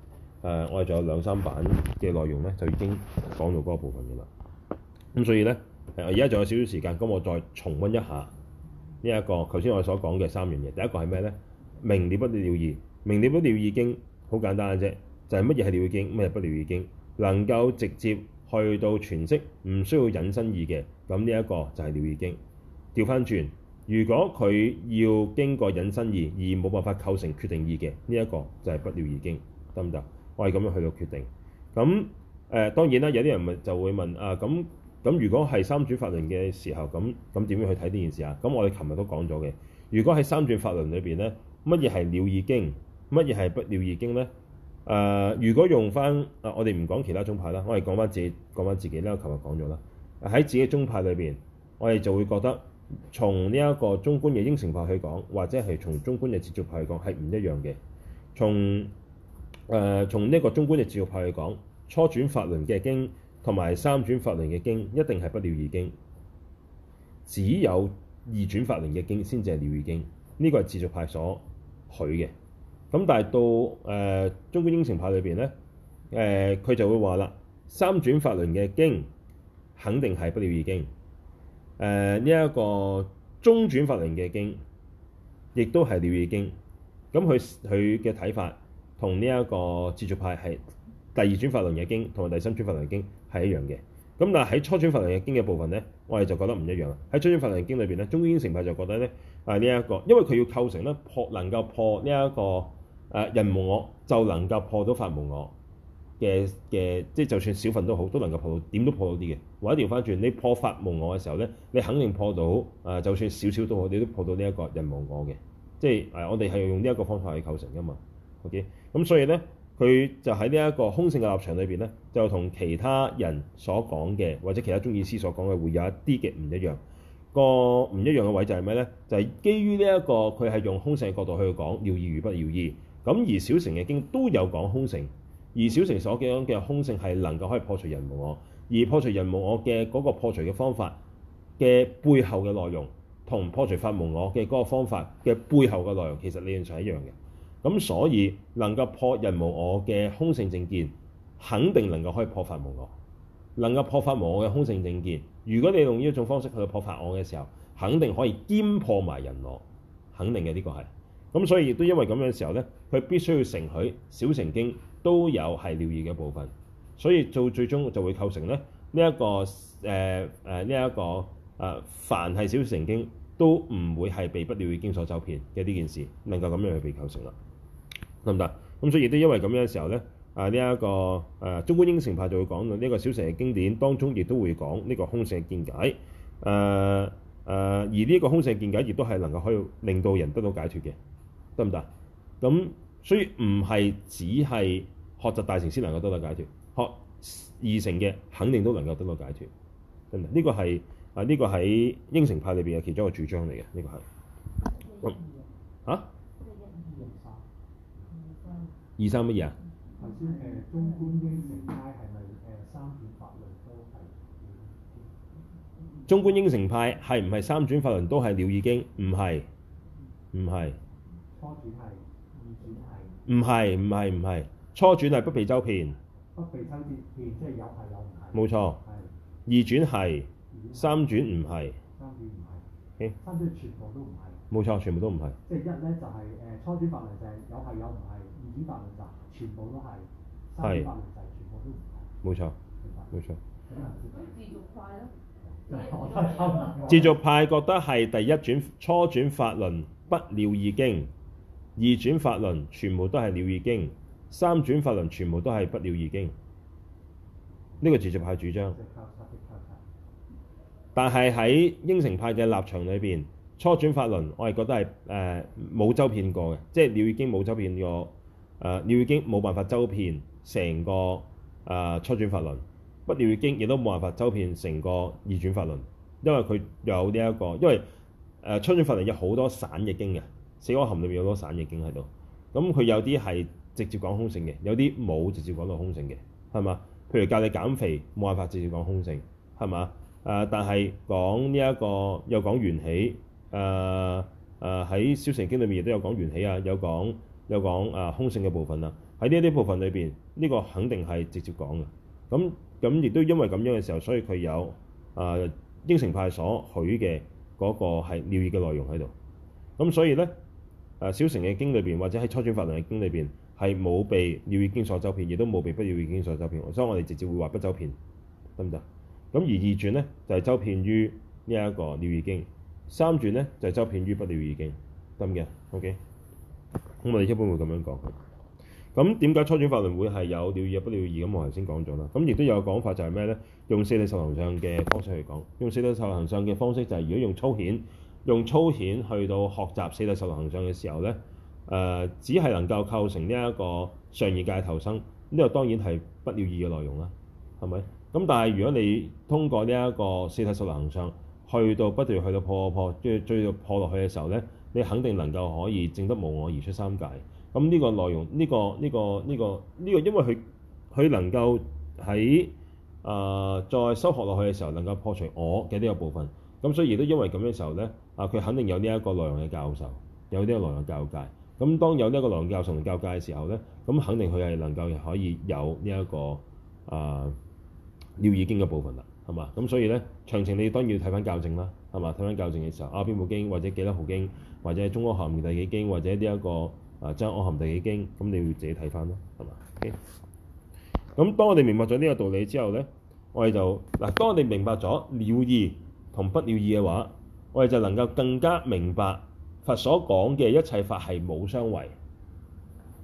誒、啊，我哋仲有兩三版嘅內容咧，就已經講到嗰部分嘅啦。咁所以咧，誒，而家仲有少少時間，咁我再重溫一下呢、這、一個頭先我所講嘅三樣嘢。第一個係咩咧？明了不了義，明了不了義經，好簡單嘅啫，就係乜嘢係了義經，乜嘢不了義經，能夠直接去到詮釋，唔需要引申義嘅，咁呢一個就係了義經。調返轉，如果佢要經過引申義而冇辦法構成決定義嘅，呢、這、一個就係不了義經，得唔得？我係咁樣去到決定，咁誒、呃、當然啦，有啲人咪就會問啊，咁咁如果係三轉法輪嘅時候，咁咁點樣去睇呢件事啊？咁我哋琴日都講咗嘅，如果喺三轉法輪裏邊咧，乜嘢係了義經，乜嘢係不了義經咧？誒、呃，如果用翻啊，我哋唔講其他宗派啦，我哋講翻自己，講翻自己啦，我琴日講咗啦，喺自己宗派裏邊，我哋就會覺得從呢一個中觀嘅應成派去講，或者係從中觀嘅自續派去講，係唔一樣嘅，從。誒、呃，從呢一個中觀嘅自續派去講，初轉法輪嘅經同埋三轉法輪嘅經一定係不了義經，只有二轉法輪嘅經先至係了義經。呢、這個係自續派所許嘅。咁但係到誒、呃、中觀應成派裏邊咧，誒、呃、佢就會話啦，三轉法輪嘅經肯定係不了義經。誒呢一個中轉法輪嘅經亦都係了義經。咁佢佢嘅睇法。同呢一個自續派係第二轉法輪經同埋第三轉法輪經係一樣嘅，咁但係喺初轉法輪嘅經嘅部分咧，我哋就覺得唔一樣。喺初轉法輪經裏邊咧，中觀應成派就覺得咧，誒呢一個，因為佢要構成咧破能夠破呢一個誒人無我，就能夠破到法無我嘅嘅，即係就算小份都好，都能夠破到，點都破到啲嘅。或者調翻轉，你破法無我嘅時候咧，你肯定破到誒，就算少少都好，你都破到呢一個人無我嘅，即係誒我哋係用呢一個方法去構成噶嘛，OK？咁所以咧，佢就喺呢一個空性嘅立場裏邊咧，就同其他人所講嘅，或者其他中觀師所講嘅，會有一啲嘅唔一樣。個唔一樣嘅位就係咩咧？就係、是、基於呢、這、一個佢係用空性嘅角度去講，了義與不了義。咁而小乘嘅經都有講空性，而小乘所講嘅空性係能夠可以破除人無我，而破除人無我嘅嗰個破除嘅方法嘅背後嘅內容，同破除法無我嘅嗰個方法嘅背後嘅內容，其實理論上係一樣嘅。咁所以能夠破人無我嘅空性正見，肯定能夠可以破法無我。能夠破法無我嘅空性正見，如果你用呢一種方式去破法我嘅時候，肯定可以兼破埋人我，肯定嘅呢、這個係。咁所以亦都因為咁樣嘅時候咧，佢必須要承許小乘經都有係了義嘅部分，所以到最終就會構成咧呢一、這個誒誒呢一個啊、呃，凡係小乘經都唔會係被不了義經所詐騙嘅呢件事，能夠咁樣去被構成啦。得唔得？咁所以亦都因為咁樣嘅時候咧，啊呢一個誒、啊、中觀應成派就會講到呢個小乘嘅經典，當中亦都會講呢個空性嘅見解，誒、啊、誒、啊，而呢個空性嘅見解亦都係能夠可以令到人得到解脫嘅，得唔得？咁所以唔係只係學習大乘先能夠得到解脫，學二乘嘅肯定都能夠得到解脫，真係呢個係啊呢個喺應成派裏邊嘅其中一個主張嚟嘅，呢個係嚇。啊二三乜嘢啊？頭先誒中觀應成派係咪誒三轉法輪都係了義經？中觀應成派係唔係三轉法輪都係了義經？唔係，唔係。初轉係，二轉係。唔係唔係唔係，初轉係不遍周遍。不遍周遍遍，即係有係有唔係。冇錯。二轉係。三轉唔係。三轉唔係。O.K. 三轉全部都唔係。冇錯，全部都唔係。即係一咧就係誒初轉法輪就係有係有唔係。全部都係，三係，冇錯是，冇錯八。自續派咯， <laughs> 自續派覺得係第一轉初轉法輪不了義經，二轉法輪全部都係了義經，三轉法輪全部都係不了義經。呢、這個自續派主張， <laughs> 但係喺應承派嘅立場裏邊，初轉法輪我係覺得係誒冇周遍過嘅，即係了義經冇周遍過。誒了義經冇辦法周遍成個誒初轉法輪，不了義經亦都冇辦法周遍成個二轉法輪，因為佢有呢、這、一個，因為誒初轉法輪有好多散嘅經嘅，《四阿含》裏面有好多散嘅經喺度，咁佢有啲係直接講空性嘅，有啲冇直接講到空性嘅，係嘛？譬如教你減肥，冇辦法直接講空性，係嘛？誒、呃，但係講呢、這、一個又講緣起，誒誒喺《小乘經》裏面亦都有講緣起啊，有講。呃呃有講啊，空性嘅部分啦。喺呢一啲部分裏邊，呢、這個肯定係直接講嘅。咁咁亦都因為咁樣嘅時候，所以佢有啊應成派所許嘅嗰個係了義嘅內容喺度。咁所以咧，誒、啊、小乘嘅經裏邊，或者喺初轉法輪嘅經裏邊，係冇被了義經所周遍，亦都冇被不了義經所周遍。所以我哋直接會話不周遍得唔得？咁而二轉咧就係、是、周遍於呢一個了義經，三轉咧就係、是、周遍於不了義經，得唔得？OK。咁我哋一般會咁樣講。咁點解初轉法輪會係有了義不了義？咁我頭先講咗啦。咁亦都有講法就係咩咧？用四體十行相嘅方式去講，用四體十行相嘅方式就係如果用粗顯，用粗顯去到學習四體十行相嘅時候咧，誒、呃、只係能夠構成呢一個上二界投生。呢、這個當然係不了義嘅內容啦，係咪？咁但係如果你通過呢一個四體十行相去到不斷去到破破，跟住追到破落去嘅時候咧。你肯定能夠可以證得無我而出三界，咁呢個內容，呢、呢個呢、呢個呢、呢個呢、呢個，因為佢佢能夠喺啊再修、呃、學落去嘅時候能夠破除我嘅呢個部分，咁所以亦都因為咁嘅時候咧，啊佢肯定有呢一個內容嘅教授，有呢個內容嘅教界，咁當有呢個內容教授教界嘅時候咧，咁肯定佢係能夠可以有呢、呢、一個啊了義經嘅部分啦，係嘛？咁所以咧，詳情，你當然要睇翻教證啦。係嘛？睇翻教證嘅時候啊，邊部經或者幾多號經，或者中中阿含第幾經，或者呢、這、一個啊，長阿含第幾經，咁你要自己睇翻咯，係嘛？咁、okay? 當我哋明白咗呢個道理之後咧，我哋就嗱，當我哋明白咗了，了意同不了意嘅話，我哋就能夠更加明白佛所講嘅一切法係冇相違，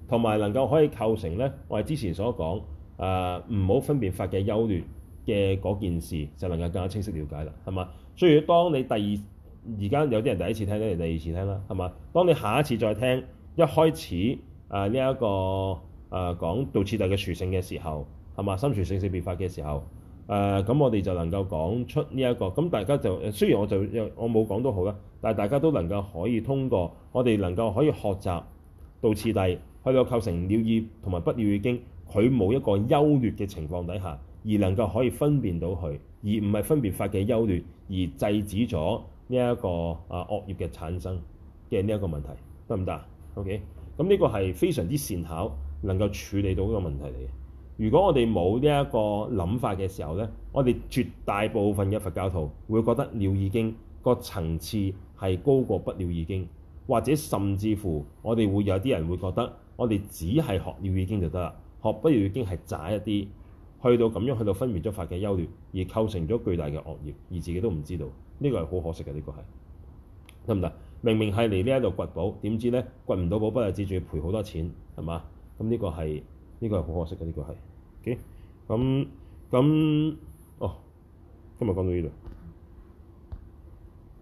同埋能夠可以構成咧我哋之前所講誒唔好分辨法嘅優劣嘅嗰件事，就能夠更加清晰了解啦，係嘛？所以當你第二而家有啲人第一次聽咧，定第二次聽啦，係嘛？當你下一次再聽一開始啊呢一個啊、呃、講道次第嘅殊勝嘅時候，係嘛？深殊勝性變法嘅時候，誒、呃、咁我哋就能夠講出呢、這、一個，咁大家就雖然我就我冇講都好啦，但係大家都能夠可以通過我哋能夠可以學習道次第去到構成了義同埋不了義經，佢冇一個優劣嘅情況底下。而能夠可以分辨到佢，而唔係分別法嘅優劣，而制止咗呢一個啊惡業嘅產生嘅呢一個問題，得唔得？OK，咁呢個係非常之善巧，能夠處理到呢個問題嚟嘅。如果我哋冇呢一個諗法嘅時候呢，我哋絕大部分嘅佛教徒會覺得《了義經》個層次係高過《不了義經》，或者甚至乎我哋會有啲人會覺得我哋只係學《了義經》就得啦，學《不了義經》係窄一啲。去到咁樣，去到分別咗法嘅優劣，而構成咗巨大嘅惡業，而自己都唔知道，呢個係好可惜嘅，呢個係得唔得？明明係嚟呢一度掘寶，點知咧掘唔到寶，不單只仲要賠好多錢，係嘛？咁呢個係呢個係好可惜嘅，呢個係。O K，咁咁哦，今日講到呢度。